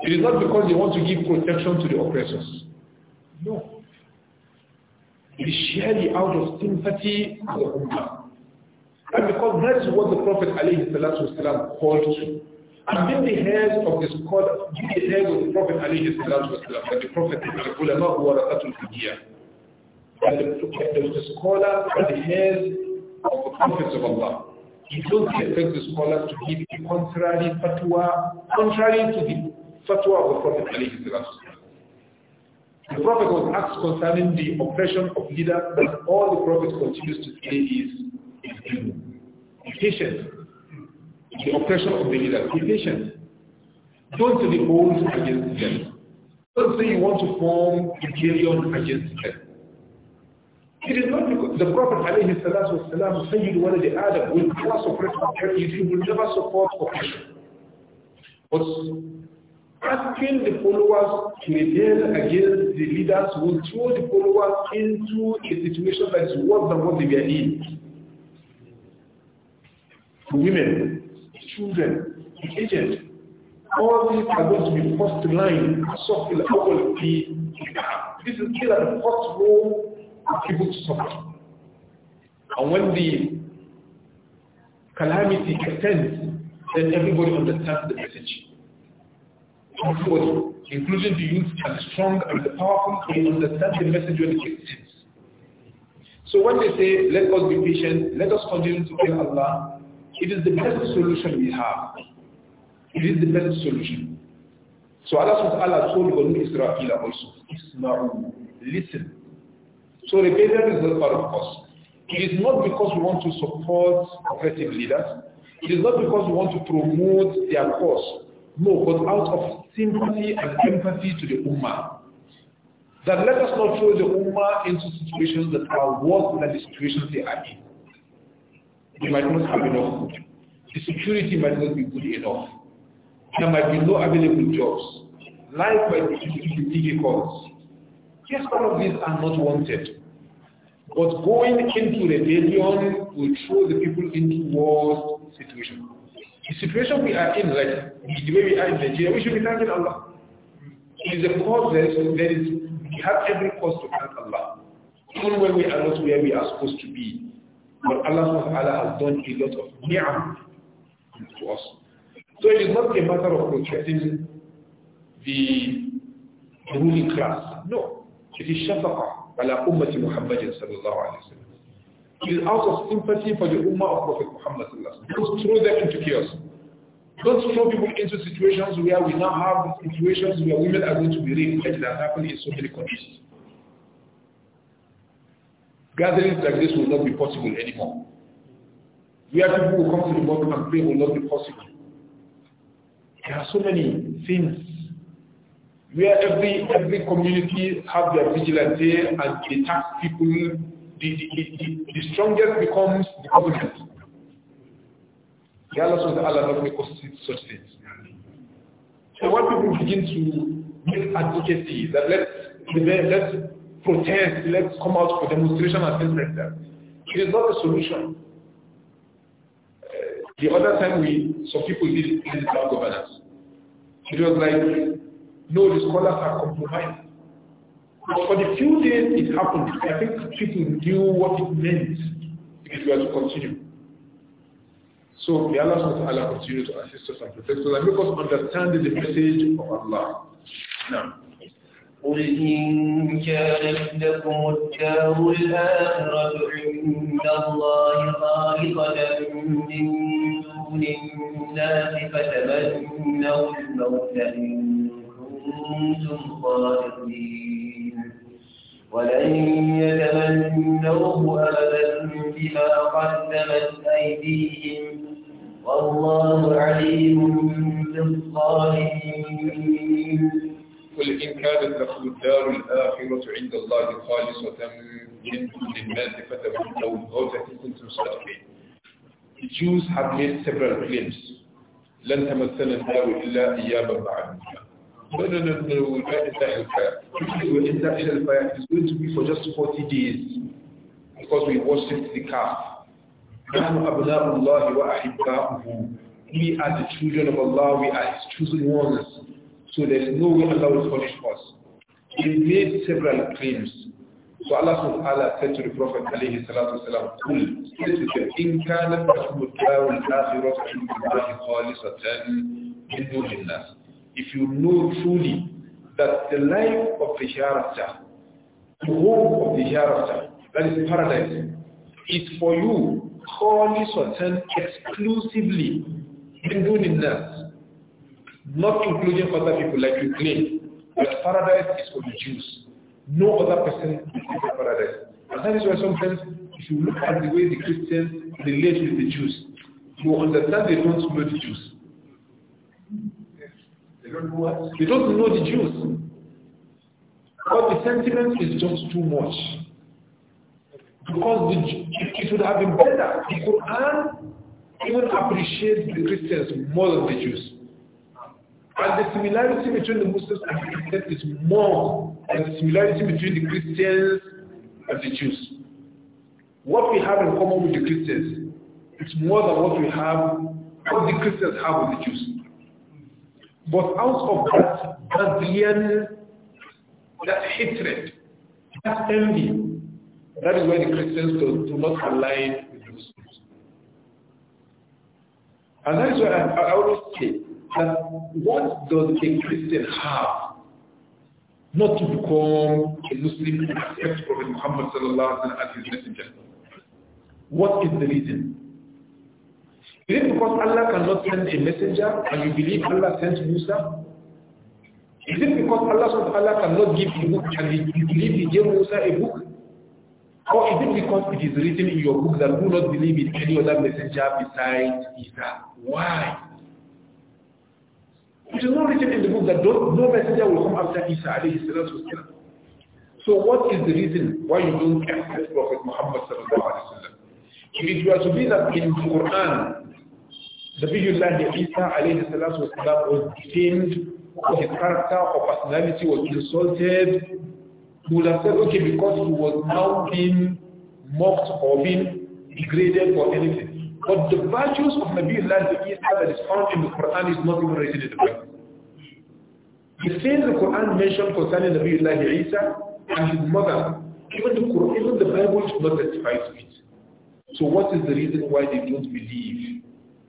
It is not because they want to give protection to the oppressors. No. It is surely out of sympathy for the And because that is what the Prophet ﷺ called to. And being the head of the scholar, being the head of the Prophet Ali Islam, that the Prophet al-Ulama who are Atul Fidiyah, that the scholar at the head of the prophets of Allah. It doesn't affect the scholar to give a contrary fatwa, contrary to the fatwa of the Prophet Ali Islam. The Prophet was asked concerning the oppression of leader, but all the Prophet continues to say is, is patient the oppression of the leader. Be patient. Don't revolt against them. Don't say you want to form rebellion against them. It is not because the Prophet alayhi salatu wasalam said you wanted the Adam will never support oppression. You will never support oppression. But asking the followers to rebel against the leaders will throw the followers into a situation that is worse than what they were in. To women, children, the aged. All these are going to be first in line. So this is still at the first role of people to suffer. And when the calamity extends, then everybody understands the message. Everybody, including the youth and the strong and the powerful, they understand the message when it extends. So when they say, let us be patient, let us continue to kill Allah, it is the best solution we have. It is the best solution. So Allah subhanahu wa ta'ala told Israel also, listen. So rebellion is not part of us. It is not because we want to support oppressive leaders. It is not because we want to promote their cause. No, but out of sympathy and empathy to the Ummah. That let us not throw the Ummah into situations that are worse than the situations they are in. You might not have enough food. The security might not be good enough. There might be no available jobs. Life might be difficult. Yes, all of these are not wanted. But going into rebellion will throw the people into worse situation. The situation we are in, like the way we are in Nigeria, we should be thanking Allah. It is a process that is, we have every cause to thank Allah. Even when we are not where we are supposed to be, but Allah subhanahu wa Taala has done a lot of ni'am to us. So it is not a matter of protecting the ruling class. No. It is shafaqa ala ummati Muhammadin sallallahu alayhi wa sallam. It is out of sympathy for the ummah of Prophet Muhammad sallallahu alayhi wa Don't throw them into chaos. Don't throw people into situations where we now have situations where women are going to be raped, like that happened in so many countries. Gatherings like this will not be possible anymore. Where people will come to the bottom and pray will not be possible. There are so many things where every every community have their vigilante and they tax people. The, the, the, the strongest becomes the government. The Allah says Allah not make us such things. So when people begin to make advocacy that let's let's protest, let's come out for demonstration and things like that. It is not a solution. Uh, the other time we, some people did digital governance. It was like, no, the scholars are compromised. But for the few days it happened, I think people knew what it meant if we were to continue. So may Allah subhanahu wa continue to assist us and protect us and make us understand the message of Allah. Now. قل إن كانت لكم الدار الآخرة عند الله خالصة من دون الناس فتمنوا الموت إن كنتم صادقين ولن يتمنوه أبدا بما قدمت أيديهم والله عليم بالظالمين قل إن كانت لكم الدار الآخرة عند الله خالصة من إن كنتم صادقين. The Jews have made several claims. لن تمسنا النار إلا أياما No, no, no, no, we will enter hellfire. If we will enter hellfire, it's going to be for just 40 days because we worship the calf. نحن أبناء الله وأحباؤه. We are the children of Allah, we are His chosen ones. So there's no way Allah will punish us. He made several claims. So Allah subhanahu wa ta'ala said to the Prophet alayhi salatu wasalam, قُلْ سَيْتُكَ إِنْ كَانَتْ لَكُمُ الدَّارُ الْآخِرَةُ اللَّهِ خَالِصَةً مِنْ دُونِ النَّاسِ If you know truly that the life of the hereafter, the home of the hereafter, that is paradise, is for you, خَالِصَةً exclusively مِنْ دُونِ النَّاسِ not including other people like you claim. But paradise is for the Jews. No other person is in paradise. And that is why sometimes if you look at the way the Christians relate with the Jews, you understand they don't know the Jews. They don't know They don't know the Jews. But the sentiment is just too much. Because the, it would have been better. The Quran even appreciated the Christians more than the Jews. And the similarity between the Muslims and the Christians is more than the similarity between the Christians and the Jews. What we have in common with the Christians is more than what we have, what the Christians have with the Jews. But out of that, that billion, that hatred, that envy, that is why the Christians do, do not align with the Muslims. And that is why I, I always say, that what does a Christian have not to become a Muslim and accept Prophet Muhammad sallallahu alaihi wasallam as his messenger? What is the reason? Is it because Allah cannot send a messenger and you believe Allah sent Musa? Is it because Allah subhanahu wa ta'ala cannot give a book and you believe he gave Musa a book? Or is it because it is written in your book that do not believe in any other messenger besides Isa? Why? It is not written in the book that no messenger will come after Isa alayhi salatu wasalam. So what is the reason why you don't accept Prophet Muhammad sallallahu alayhi wasallam? If it were to be that in the Quran, the Nabiullah Isa alayhi salatu wasalam was detained, or his character or personality was insulted, he would have said, okay, because he was now being mocked or being degraded or anything. But the virtues of the Isa that is found in the Quran is not even written in the Bible. The things the Quran mentioned concerning Nabiullah Isa and his mother, even the Quran, even the Bible does not testify to it. So what is the reason why they don't believe?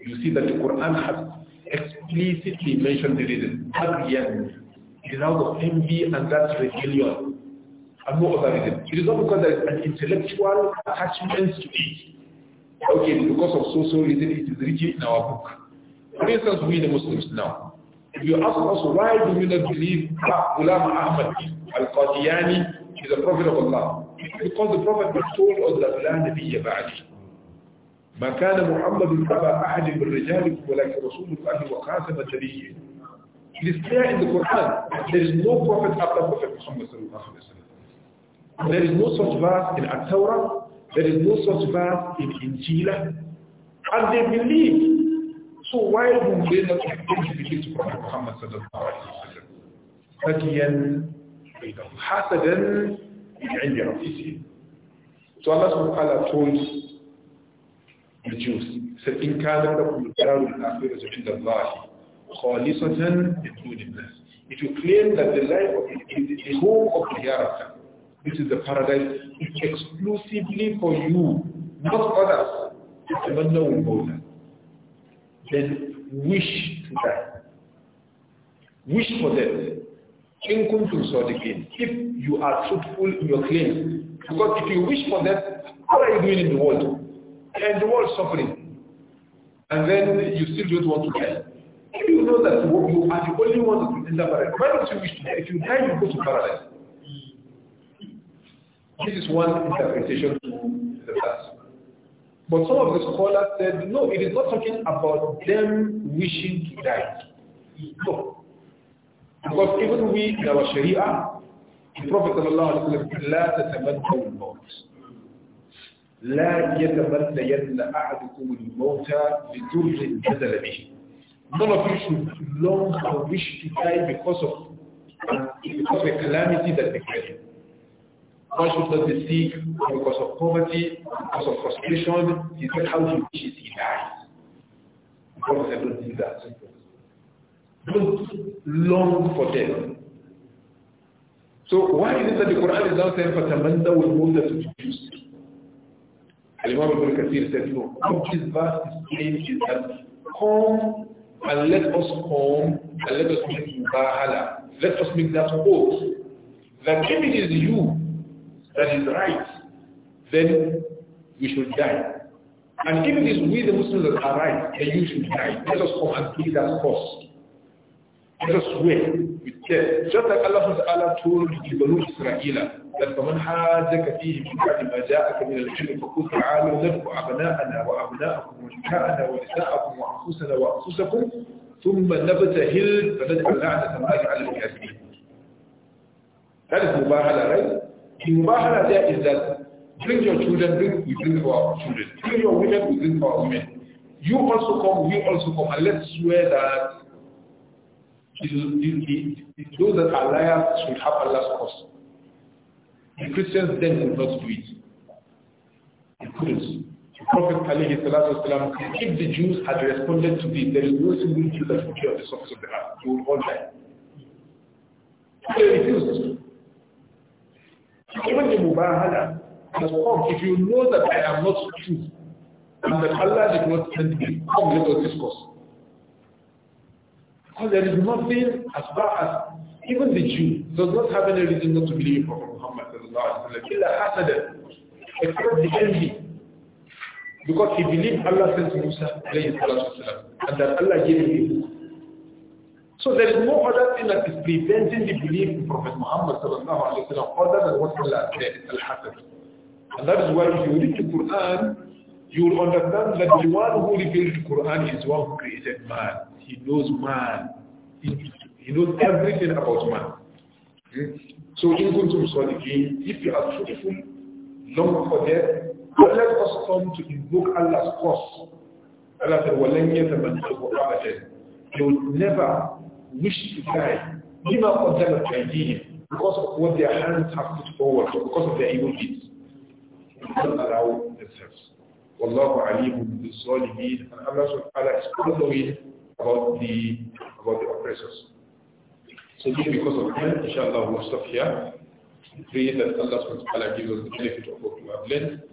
You see that the Quran has explicitly mentioned the reason. Again, it is out of envy and that rebellion and no other reason. It is not because there is an intellectual attachment to it. Okay, because of social reason it is written in our book. For instance, we the Muslims now, if you ask us why do we not believe that Ghulam Ahmad al-Qadiyani is a Prophet of Allah, because the Prophet told us that لا نبي بعدي ما كان محمد أبا أحد من رجالكم ولكن رسول الله وخاتم النبيين It is clear in the Quran there is no prophet after Prophet Muhammad sallallahu alaihi wasallam. There is no such verse in At-Tawrah. There is no such verse in Injil. And they believe so why do we not communicate to Prophet Muhammad sallallahu alayhi wa sallam? حسدا من عند ربه. So Allah subhanahu wa ta'ala told the Jews, said, إن كان لكم الدار الآخرة عند الله خالصة من دون الناس. If you claim that the life of the, the home of the hereafter, this is the paradise, is exclusively for you, not others, it's the will then wish to die. Wish for them. In If you are truthful in your claim, Because if you wish for them, what are you doing in the world? And the world suffering. And then you still don't want to die. If you know that you are the only one that will enter paradise, why don't you wish to die? If you die, you go to paradise. This is one interpretation to the past. But some of the scholars said, no, it is not talking about them wishing to die. No. Because even we in our Sharia, the Prophet said, لا تتمنوا الموت. لا يتمنين أحدكم الموت لضر نزل به. None of you should long or wish to die because of uh, because of a calamity that befell you. Why should not be sick because of poverty, because of frustration. He said, how he wishes he dies. God said, don't do that. Don't long for death. So why is it that the Quran is not saying, that والموت وَالْمُوتَ تُجُوسِ Al-Imam Ibn Kathir said, no, what this verse is saying is that come and let us come and let us make Mubahala. Let us make that oath that if it is you that is right, then you should die. And if it is we the Muslims that are right, then you should die. Let us come and plead that Let us wait with death. Just like Allah Allah told the Banu Israel that فَمَنْ حَاجَكَ فِيهِ مِنْ مَا جَاءَكَ مِنَ الْعِلْمِ فَقُلْ تَعَالَوْا نَدْعُ أَبْنَاءَنَا وَأَبْنَاءَكُمْ وَنِسَاءَنَا وَنِسَاءَكُمْ وَأَنفُسَنَا وَأَنفُسَكُمْ ثُمَّ نَبْتَهِلْ فَنَجْعَلْ لَعْنَةَ اللَّهِ عَلَى الْكَاذِبِينَ That is mubahala, right? In Mubahala there is that bring your children, bring, we bring our children. Bring your women, we bring our women. You also come, we also come, and let's swear that those that are liars should have a last curse. The Christians then did not do it. They couldn't. The Prophet والسلام, if the Jews had responded to this, there is no single Jew that would be on the surface of the earth. They would all die. They refused. Even the Mubahala, If you know that I am not true and that Allah did not send me, come let us discuss. Because there is nothing as far as even the Jew does not have any reason not to believe Prophet Muhammad except the envy. Because he believed Allah sent Musa and that Allah gave him so there is no other thing that is preventing the belief in Prophet Muhammad sallallahu alayhi wa other than what Allah said, Al-Hasad. And that is why if you read the Quran, you will understand that the one who revealed the Quran is one who created man. He knows man. He, he knows everything about man. Okay? So in Quran, again, if you are truthful, long for death, but let us come to invoke Allah's cause. Allah said, وَلَنْ يَتَمَنَّهُ أَبَدًا They will never wish to die, lima قدمت أيديهم because of what their hands have put forward, or because of their evil deeds. They don't allow themselves. Wallahu alimun bi zalimin. And Allah subhanahu is following about the, about the oppressors. So this because of them, inshallah we'll stop here. We pray that Allah subhanahu gives us the benefit of what we have learned.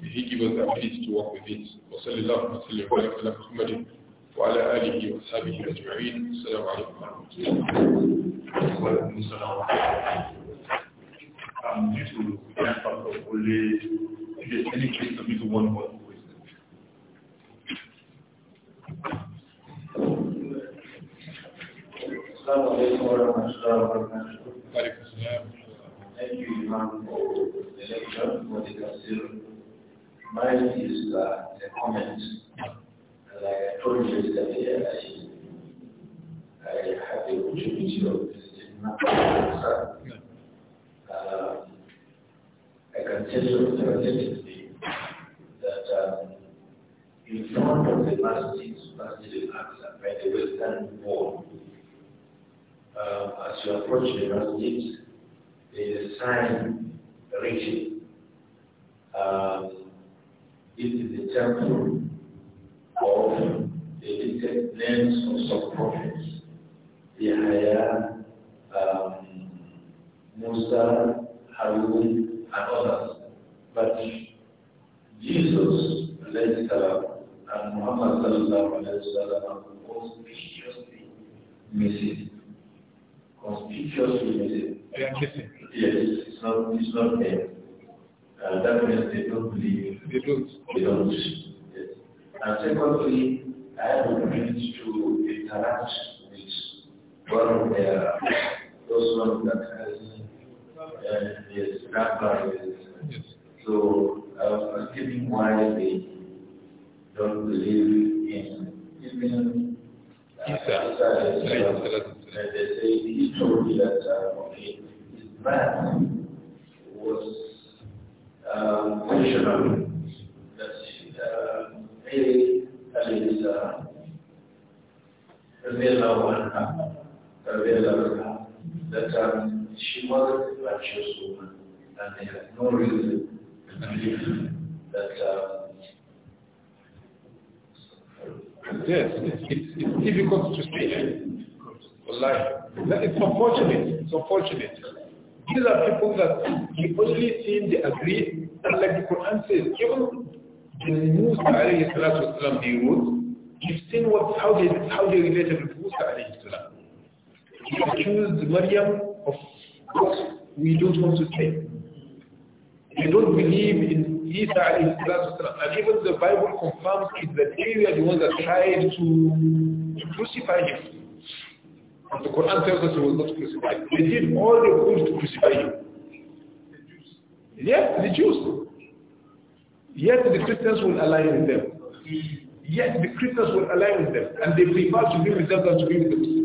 He gives us the ability to work with it. وصلى الله وسلم وبارك على وعلى آله وصحبه أجمعين السلام عليكم ورحمة الله Thank you, Imam, for the lecture, for the is uh, comment like projects that they are in. I had the opportunity of visiting Makassar. Uh, I can tell you authoritatively that um, in front of the masjid, masjid al-Aqsa, by the western wall, uh, as you approach the masjid, there is a sign written. Um, this is the temple of the listed names of some prophets. Yahya, um, Musa, Harun, and others. But Jesus, Salam, and Muhammad Sallallahu conspicuously missing. Conspicuously missing. Yes, it's not, it's not there. Uh, that means they don't believe. They don't. They don't. And secondly, I have need to interact with one of their those ones that has uh, his grandparents. Yes. So I was asking why they don't believe in even uh, yes, sir. Yes, sir. And they say he told me that uh, okay, his brand was um, uh, functional. علي عليه السلام رضي الله عنها رضي الله عنها that um, she wasn't a righteous woman and they had no reason to believe that Yes, it's, it's difficult to say. Eh? Life. It's unfortunate. It's unfortunate. These are people that the only thing they agree, and like the Quran says, even when Musa alayhi salatu wasalam they wrote, you've seen what, how, they, how they related with Musa alayhi salam. He accused Maryam of what we don't want to say. They don't believe in Isa alayhi salatu wasalam. And even the Bible confirms it that they were the ones that tried to, to crucify him. And the Quran tells us he was not crucified. They did all they could to crucify him. Yeah, the Jews. Yet the Christians will align with them. Yet the Christians will align with them. And they prefer to be with them than to be with the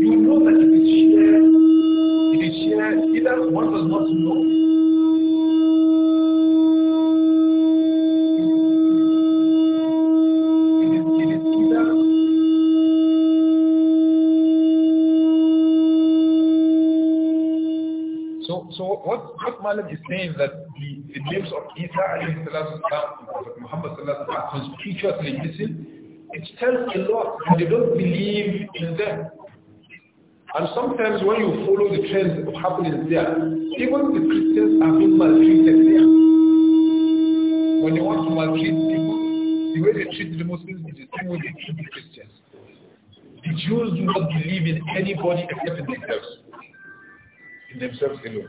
you know that it is shared. It is shared. Either one does not know so what, what Malam is saying that the names of Isa and Prophet Muhammad are conspicuously missing, it tells a lot that they don't believe in them. And sometimes when you follow the trends of happenings there, even the Christians are being maltreated there. When they want to maltreat people, the way they treat the Muslims is the same way they treat the Christians. The Jews do not believe in anybody except in themselves. In themselves alone.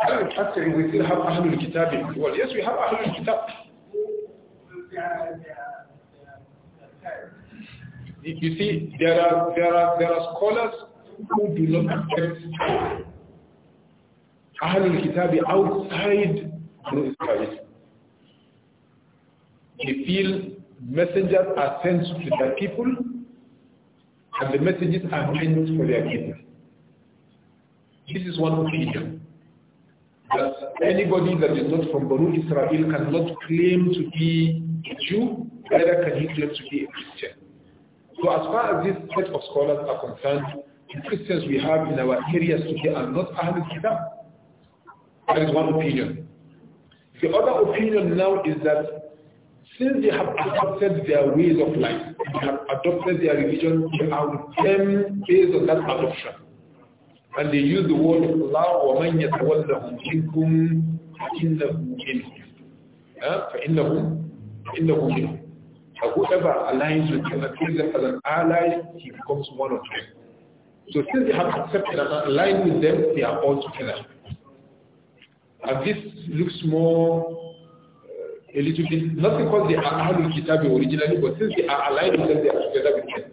Ahlul Fasri, we still have Ahlul Kitab as well. Yes, we have Ahlul Kitab. You see, there are, there are, there are scholars who do not accept Ahlul Kitab outside Banu Israel. They feel messengers are sent to their people and the messages are meant for their people. This is one opinion that anybody that is not from Baru Israel cannot claim to be a Jew, neither can he claim to be a Christian. So as far as this set of scholars are concerned, the Christians we have in our areas today are not Ahlul Kitab. That is one opinion. The other opinion now is that since they have adopted their ways of life, they have adopted their religion, they are with them based on that adoption. And they use the word Allah وَمَنْ يَتَوَلَّهُمْ مِنْكُمْ فَإِنَّهُ مِنْهُمْ فَإِنَّهُ فَإِنَّهُ مِنْهُمْ And whoever aligns with him and takes them as an ally, he becomes one of them. So since they have accepted and aligned with them, they are all together. And this looks more uh, a little bit, not because they are Ahlul Kitab originally, but since they are aligned with them, they are together with them.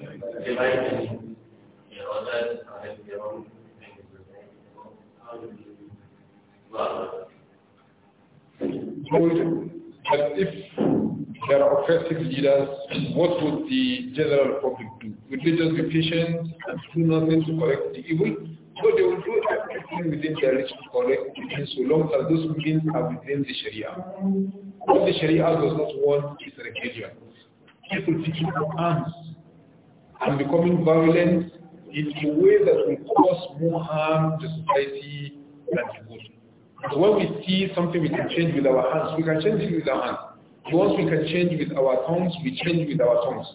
good. But if there are oppressive leaders, what would the general public do? Would they just be patient and do nothing to correct the evil? So they will do everything within their reach to correct the evil so long as those means are within the Sharia. What the Sharia does not want is rebellion. People picking up arms and becoming violent in a way that will cause more harm to society than good. So when we see something we can change with our hands, we can change it with our hands. Once we can change with our tongues, we change with our tongues.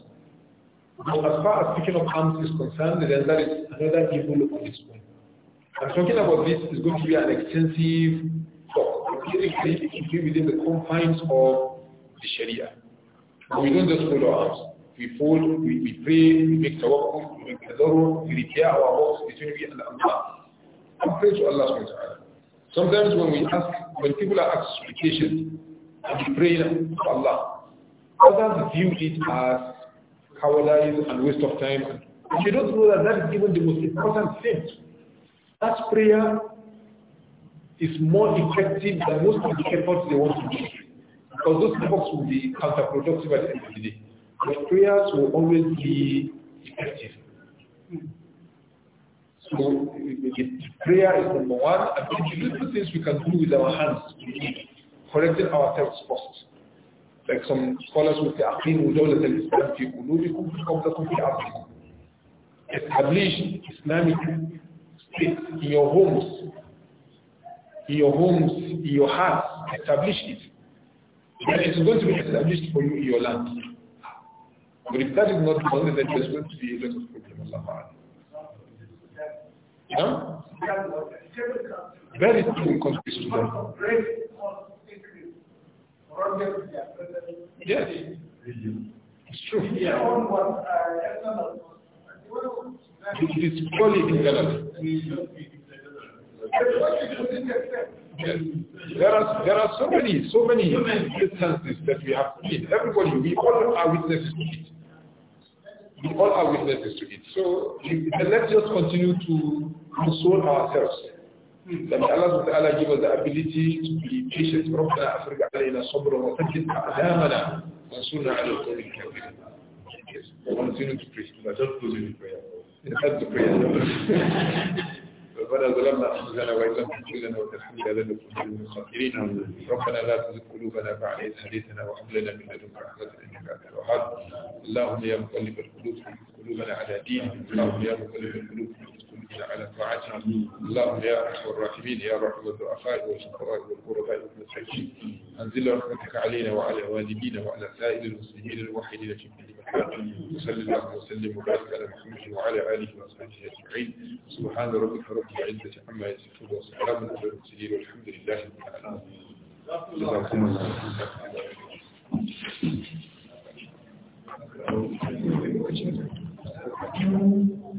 But as far as picking up arms is concerned, then that is another evil on its own. And talking about this is going to be an extensive talk. it be within the confines of the Sharia. we don't just follow arms we fold, we, we pray, we make tawakkul, we make tazarrud, we repair our house between we and Allah. And pray to Allah subhanahu wa ta'ala. Sometimes when we ask, when people are asked supplication, we pray to Allah. Others view it as cowardice and waste of time. And you don't know that that is even the most important thing. That prayer is more effective than most of the efforts they want to do. Because those efforts will be counterproductive at the end of the day your prayers will always be effective. So prayer is number one. I think the little things we can do with our hands, correcting ourselves first. Like some scholars will say, أقيم دولة الإسلام في قلوبكم قبلكم في أرضكم. Establish Islamic state in your homes, in your homes, in your hearts. Establish it. And it's going to be established for you in your land. But if that is not done, then there's going to be a of problem, Allah Very true. countries today. Yes. It's true. It is purely irrelevant. Yes. There are there are so many so many instances that we have seen. Everybody, we all are witnesses to it we all are witnesses to it. So let's just continue to console ourselves. Hmm. That Allah Ta'ala give us the ability to be patient. ربنا أفرق علينا صبرا وثبت أقدامنا وانصرنا على yes. We Continue to pray. Just closing prayer. It's hard to pray. ربنا ظلمنا أنفسنا وإن لم تغفر لنا وترحمنا لنكن من الخاسرين ربنا لا تزغ قلوبنا بعد إذ هديتنا وهب لنا من لدنك رحمة إنك أنت الوهاب اللهم يا مقلب القلوب قلوبنا على دينك اللهم يا مقلب القلوب على طاعتهم اللهم يا أرحم الراحمين يا رحمة الضعفاء والشقراء والقرباء والمساكين أنزل رحمتك علينا وعلى والدينا وعلى سائر المسلمين الوحيدين في كل مكان وصلى الله وسلم وبارك على محمد وعلى آله وصحبه أجمعين سبحان ربك رب العزة عما يصفون وسلام على المرسلين والحمد لله رب العالمين Thank you.